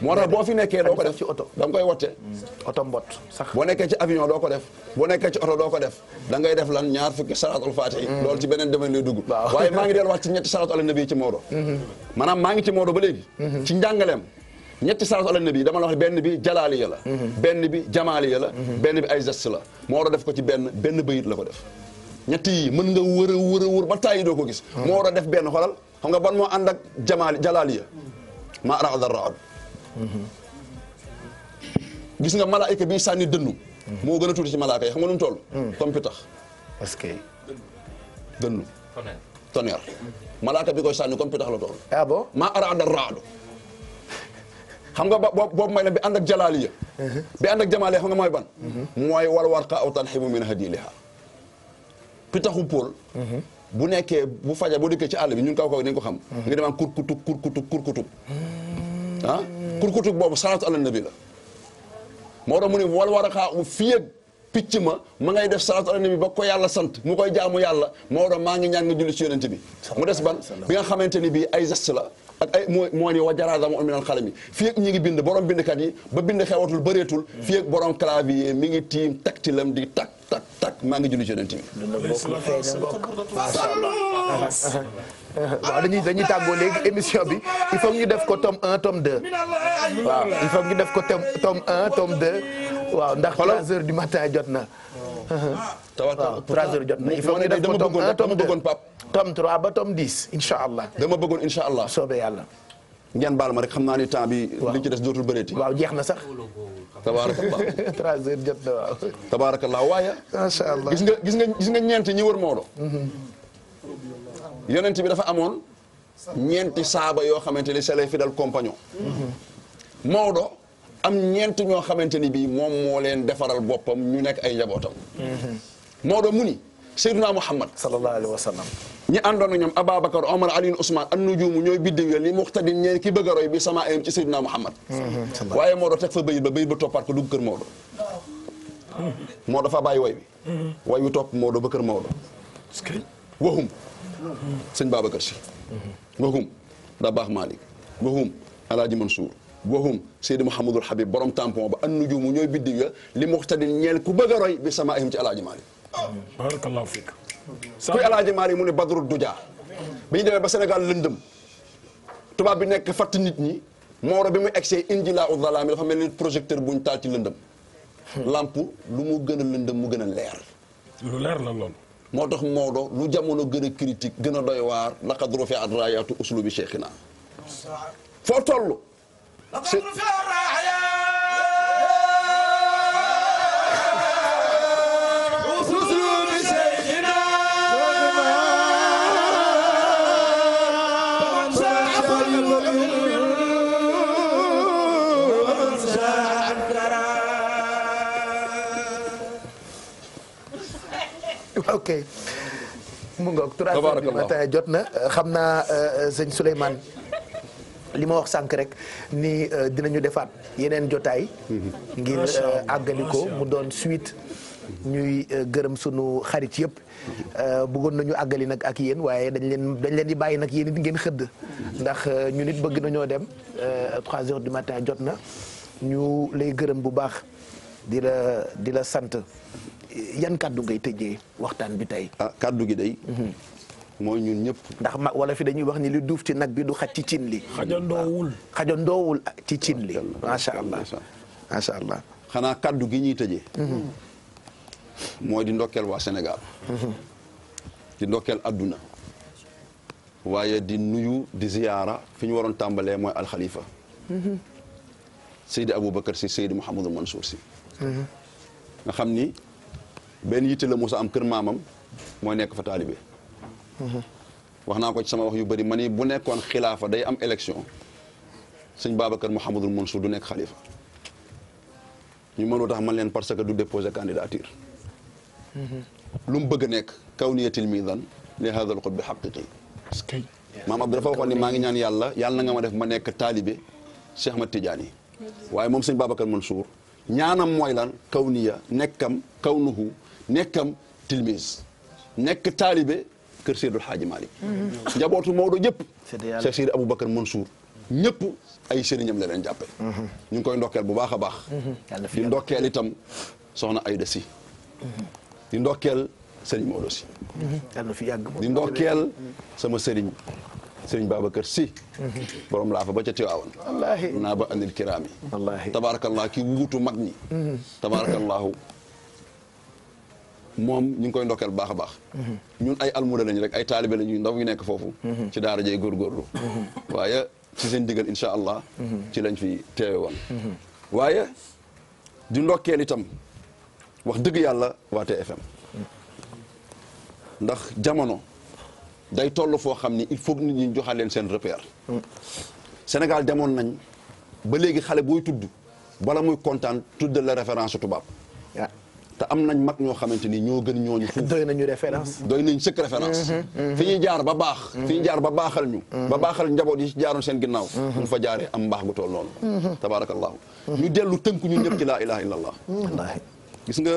moo tax boo fi nekkee doo ko def ci oto da koy wote. oto mbot sax boo nekkee ci avion doo ko def boo nekkee ci oto doo ko def da ngay def lan ñaar fukki salaatul faatihi. Mm. loolu ci beneen domaine lay dugg. waaye maa ngi delluwaat ci ñetti salaatu ala nabi ci Maodo. Mm-hmm. maanaam maa ngi ci Maodo ba léegi. Mm-hmm. ci njàngaleem. ñetti salaatu ala nabi dama la benn bi jalaaliya la. Mm-hmm. benn bi jamaaliya la. benn bi ay geste la. Maodo def ko ci benn benn bayit la ko def. ñetti mën nga wër a wër a wër ba tàyyi doo ko gis ah. moo war a def benn xolal xam nga ban moo ànd ak jamaali jalaaliya ma raada raad mm-hmm. gis nga malaayka bi sànni dënnu mm-hmm. moo gën a tuuti ci malaayka yi xam nga nu mu mm. que dënnu tonnerre malaayka bi koy la toll ah bon ma raada raad xam nga boobu may la bi ànd ak jalaaliya mm-hmm. bi ànd ak jamaaliya xam nga mooy ban mooy wal warqa aw talxibu min hadiliha pitaxu Pool. bu nekkee bu faja boo dëkkee ci àll bi ñun kaw kaw dañ ko xam. nga dem am kurkutug kurkutug kurkutug. ah kurkutug boobu salaatu ala nabi la. moo tax mu ne war a xaa picc ma ma ngay def salaatu ala nabi ba ko yàlla sant mu koy jaamu yàlla moo tax maa ngi ñaan nga julli ci yonent bi. mu des ban bi nga xamante ni bii ay geste la. ak ay mooy moo ni wa jaraadama on minal xalam yi fii ak ñi ngi bind borom bindkat yi ba bind xewatul bëreetul. fii ak borom clavier mi ngi tiim tactile am di takk. tak tak maa ngi julli ci yonent bi. waaw dañuy dañuy tàggoo léegi émission bi il faut ñu def ko tome 1 tome 2. waaw il faut ñu def ko tome tome 1 tome 2. waaw ndax 3 heures du matin jot na. waaw 3 heures jot na il faut ñu def ko tome 1 tome 2 tome 3 ba tome 10 incha allah. dama bëggoon incha allah soobee yàlla. ngeen baal ma rek xam naa ni temps bi. li ci des dootul bëreeti. waaw jeex na sax. tabaarakallah. trois heures jot na waaw. tabaarakallah waaye. macha allah gis nga gis nga gis nga ñeenti ñi wër Maodo. Mm-hmm. yonent bi dafa amoon. ñeenti saaba yoo xamante ni c'est les fidèles compagnons. Mm-hmm. Maodo am ñeenti ñoo xamante ni bii moom moo leen defaral boppam ñu nekk ay njabootam. Mm-hmm. Maodo mu ni Seydina Muhammad sallallahu alayhi wa sallam. ñi àndoon ak ñoom Ababacar Omar Alioune Ousmane an nujuumu ñooy biddiw yi li muxtadin ñeen ki bëgg a roy bi sama ci Seydina Muhammad mm-hmm. waaye Maodo teg fa bayit ba bayit ba toppaat ko dugg kër Maodo Maodo fa bàyyi way bi mm-hmm. way wi topp Maodo ba kër Maodo waxum sëñ Babacar Si mm-hmm. waxum Dabakh Malick waxum Alaaji Mansour waxum Seydi Mouhamadul Habib borom tampon ba an nujuumu ñooy biddiw ya li muxtadin ñeel ku bëgg a roy bi sama ci Alaaji Malick kuy alaaji maari mu ne badru duja bi ñu demee ba Sénégal lëndëm tubaab bi nekk fatt nit ñi mooro bi mu egsee inji laa udalaam dafa mel ni projecteur ñu taal ci lëndëm làmp lu mu gën a lëndëm mu gën a leer lu leer la loolu moo tax Maodo lu jamono gën a critique gën a doy waar laqad rufi at raayaatu uslubi cheikhina foo toll ok mu ngoog trois heures du matin jot na xam naa euh, euh, sëñ Souleymane li ma wax sànq rek ni euh, dinañu defaat yeneen jotaay mhm. ngir àggali ko mu doon suite ñuy gërëm sunu xarit yëpp bëggoon nañu àggali nag ak yéen waaye dañ leen dañ leen di bàyyi nag yéen it ngeen xëdd ndax ñu nit bëgg nañoo dem trois heures du matin jot na ñu lay gërëm bu baax di la di la sant yan kàddu ngay tëjee waxtaan bi tey. ah kàddu gi day. Mhm. mooy ñun ñëpp. ndax ma fi dañuy wax ni lu duuf ci nag bi du xaj ci cin li. xajandoowul xajandoowul ci cin li. macha allah xanaa kàddu gi ñuy tëjee. Mhm. mooy di ndokkeel waa Sénégal. Mhm. di ndokkeel adduna. waaye di nuyu di ziyaara fi waroon tàmbalee mooy alxalifa. Seydi Aboubacar si Seydi Mouhamadou Mansour si. nga xam ni. benn yitte la Moussa am kër maamam mooy nekk fa taalibe wax naa ko ci sama wax yu bari ma ni bu nekkoon xilaafa day am élection sëñ Babacar Mouhamadul Mansour du nekk xalifa ñu mënoo tax man leen parce que du déposer candidature lu mu bëgg nekk kaw niya tilmidan li hada al qutbi xaqiqi maam Abdou dafa waxoon ni maa ngi ñaan yàlla yàlla nanga ma def ma nekk taalibe Cheikh Ahmad Tidiane yi waaye moom sëñ Babacar Mansour ñaanam mooy lan kaw niya nekkam kaw nuhu nekkam tilmis nekk taalibe kër Seydul Xaaji Malik njabootu Maodo yëpp Cheikh Seydi Aboubacar Mansour ñëpp ay sëriñam la leen jàppe ñu ngi koy ndokkeel bu baax a baax di ndokkeel itam soxna Ayda Si di ndokkeel sëriñ Maodo Si di ndokkeel sama sëriñ sëriñ Babacar Si borom laa fa ba ca Tiwaawan naa ba anil kiraami tabaarakallaahu ki wuutu mag ñi mm-hmm. tabaarakallaahu moom ñu ngi koy ndokkeel baax a baax ñun ay almuda lañu rek ay taalibe la ñuy ndaw ñu nekk foofu mhm. ci daara jay góorgóorlu mhm. waaye ci seen digal incha allah mhm. ci lañ fi teewe woon waaye di ndokkeel itam wax dëgg yàlla waa TFM ndax jamono day toll foo xam ni il faut ni ñi joxaat leen seen repère mm. Sénégal demoon nañ ba léegi xale booy tudd bala muy kontaan tudd la référence tubaab te am nañ mag ñoo xamante ni ñoo gën ñooñu fuuf doy nañu référence doy nañ sëkk référence mm-hmm, mm-hmm. fi ñuy jaar ba baax fi ñuy jaar ba baaxal ñu ba mm-hmm. baaxal njaboot yi jaaroon seen ginnaaw buñ fa jaaree am mbaax gu toll noonu tabaarakallaahu ñu dellu tënk ñun ñëpp ci laa ilaha illa allah gis nga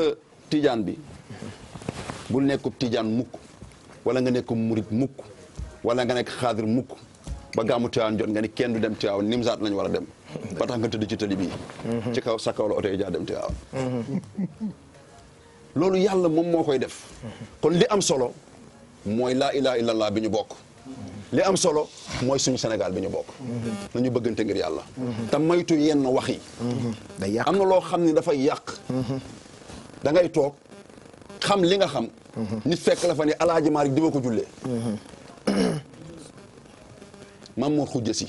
tiijaan bi bul nekkub tijaan mukk wala nga nekkub murit mukk wala nga nekk xaadir mukk ba gàmmu Tiwaawan jot nga ni kenn du dem Tiwaawan nimsaat lañ war a dem ba tax nga tëdd ci tali bii ci kaw sa kaw la oto dem Tiwaawan loolu yàlla moom moo koy def kon li am solo mooy laa ilaha laa bi ñu bokk li am solo mooy suñu Sénégal bi ñu bokk nañu bëggante ngir yàlla te maytu yenn wax yi am na loo xam ne dafay yàq da toog xam li nga xam nit fekk la fa ne alaaji di ma ko jullee Mamour Khoudia Sy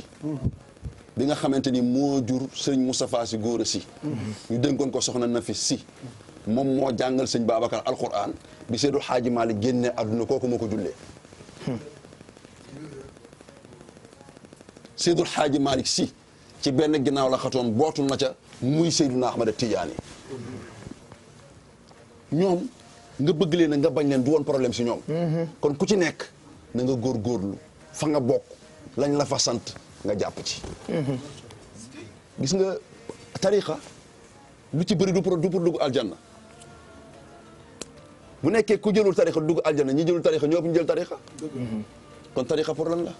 bi nga xamante ni moo jur Serigne Moustapha Sy Góora Sy ñu dénkoon ko soxna Nafis si moom moo jàngal sëñ Babacar alquran bi Seydul Xaaji Maalik génne àdduna kooku moo ko jullee Seydul Xaaji Maalik si ci benn ginnaaw la xatoon bootu na ca muy Seyduna Ahmad Tijaani ñoom nga bëgg leen nga bañ leen du woon problème si ñoom kon ku ci nekk na nga góorgóorlu fa nga bokk lañ la fa sant nga jàpp ci gis nga tarixa lu ci bëri du pour du dugg aljanna bu nekkee ku jëlul tarixa dugg aljana ñi jëlul tarixa ñoo ñu jël tarixa kon tarixa pour lan la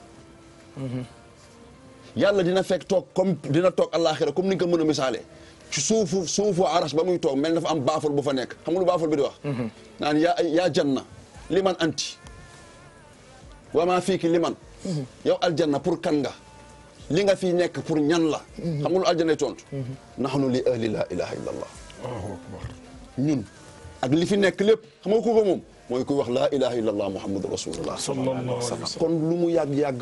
yàlla dina fekk toog comme dina toog àllaaxira comme ni nga ko mën a misaale ci suufu suufu aras ba muy toog mel dafa am baaful bu fa nekk xam nga lu baaful bi di wax mhm. naan yaa yaa li liman anti wa maa fiiki liman mhm. yow aljanna pour kan nga li nga fi nekk pour ñan la mhm. xam nga lu tontu nahnu li ahli la ilaha illa allah ak li fi nekk lépp xam nga ko ko moom mooy kuy wax laa ilaha illallah muhammadu rasulullah kon lu mu yàgg-yàgg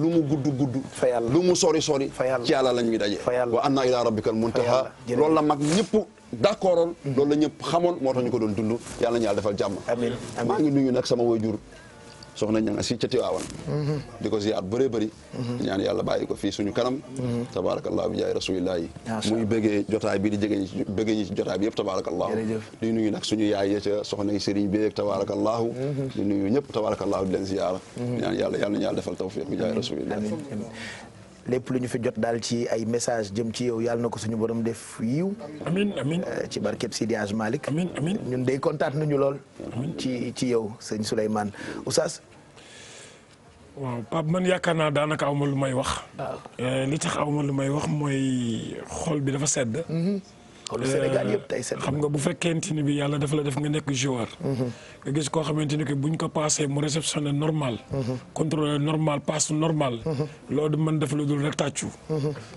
lu mu gudd gudd fa lu mu sori sori fa yàlla ci yàlla la ñuy daje wa anna ila rabbika al muntaha loolu la mag ñëpp d'accord loolu la ñëpp xamoon moo tax ñu ko doon dund yàlla ñu yàlla defal jàmm maa ngi nuyu nag sama wajur soxna ña nga si ca Tiwaawan di ko ziar bëree bëri ñaan yàlla bàyyi ko fi suñu kanam tabarakallah bi jaay rasulillah yi muy bëggee jotaay bi di jege ñi bëggee ñi ci jotaay bi yëpp tabarakallah di suñu yaay ya ca soxna yi sëriñ bi yeeg tabarakallahu mm-hmm. di nuyu ñëpp tabarakallahu di leen ziar mm-hmm. ñaan yàlla yàlla nañu yàlla defal tawfiq bi jaay rasulillah lépp lu ñu fi jot daal ci ay message jëm ci yow yàlla na ko suñu borom def yiw amiin amiin eh, ci barkeb Sidi Hadj Malick ñun dey kontaan nañu lool ci ci yow sëñ Souleymane Oustaz waaw Pape man yaakaar naa daanaka awma lu may wax ah. eh, li tax awma lu may wax mooy xool bi dafa sedd mm-hmm. kon Sénégal seen xam nga bu fekkente ni bi yàlla dafa la def nga nekk joueur. nga gis koo xamante ni bu ñu ko passé mu réceptionné normal. contrôlé normal passe normal. loolu man def la dul rek tàccu.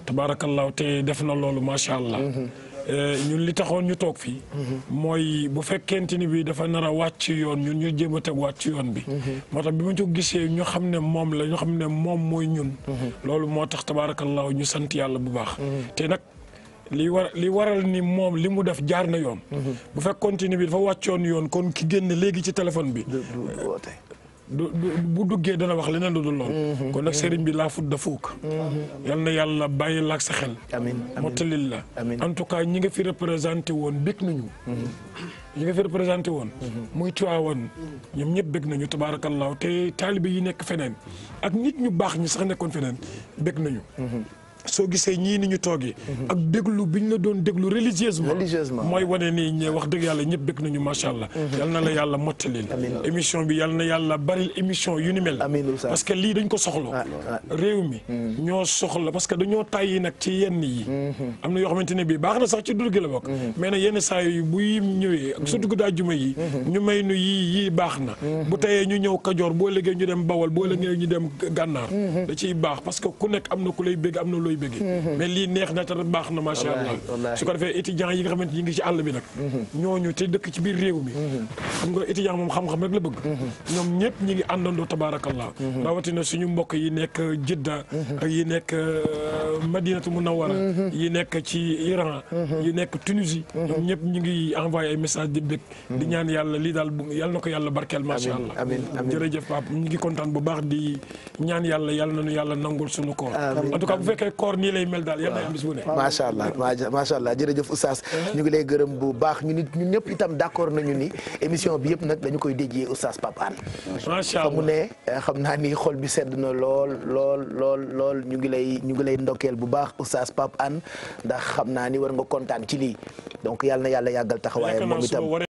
tabaarakallaahu te def na loolu macha allah. Eh, ñun li taxoon ñu toog fii. mooy bu fekkente ni bi dafa nar a wàcc yoon ñun ñu jéema a teg wàcc yoon bi. moo tax bi ma ci gisee ñu xam ne moom la ñu xam ne moom mooy ñun. loolu moo tax tabaarakallaahu ñu sant yàlla bu baax. te nag. li war li waral ni moom li mu def jaar na yoon. Mhm. bu fekk continue bi dafa wàccoon yoon kon ki génn léegi ci téléphone bi. bu duggee dana wax leneen lu dul lool. Mhm. kon nag sëriñ bi laa fut dafa ukk. Mhm. yal na yàlla bàyyi laak sa xel. amiin mottalil la. en tout cas ñi nga fi représenté woon bég nañu. ñi nga fi représenté woon. muy Tiwaawan. ñoom ñëpp bég nañu tabaarakallaahu te taalibe yi nekk feneen. ak nit ñu baax ñi sax nekkoon feneen bég nañu. soo gisee ñii ni ñu toogee. ak déglu bi ñu la doon déglu religieusement. religieusement mooy wane ni wax dëgg yàlla ñëpp dégg nañu macha allah. la yàlla mottali émission bi yal na yàlla baril émission yu ni mel. parce que lii dañ ko soxla. Ah, ah. réew mi. Hmm. ñoo soxla parce que dañoo tàyyi nag ci yenn yi. Hmm. am na yoo ne bii baax na sax ci dur gi la bokk. Hmm. mais nag yenn saa yu buy ñëwee. ak surtout guddaa juma yi. ñu may nu yii baax na. bu tayee ñu ñëw Kajoor boo liggéey ñu dem boo liggéey ñu dem Gànnaar. da ciy baax parce que lay bëggee mhm. mais lii neex na te baax na macha allah su ko defee étudiants yi nga xamante ñi ngi ci àll bi nag mhm. ñooñu te dëkk ci biir réew mi mhm. xam nga étudiant moom xam-xam rek la bëgg ñoom ñëpp ñi ngi àndandoo tabaarakallah rawatina suñu mbokk yi nekk Jidda yi nekk euh, Madinatu Munawara yi nekk ci Iran yi nekk Tunisie ñoom ñëpp ñu ngi envoyé ay message di bëgg di ñaan yàlla lii daal yàlla na ko yàlla barkeel macha allah jërëjëf Pape ñi ngi kontaan bu baax di ñaan yàlla yàlla nañu yàlla nangul suñu koor koor nii lay mel daal yal na am macha allah jërëjëf oustaz uh-huh. ñu ngi lay gërëm bu baax ñu nit ñun ñëpp itam d'accord nañu ni émission bi yëpp nag dañu koy déjee oustaz Pape Hann macha allah mu ne eh, xam naa ni xol bi sedd na lool lool lool lool ñu ngi lay ñu ngi lay ndokkeel bu baax oustaz pap an ndax xam naa ni war nga kontaan ci lii donc yàlla yàlla yàggal taxawaayam moom itam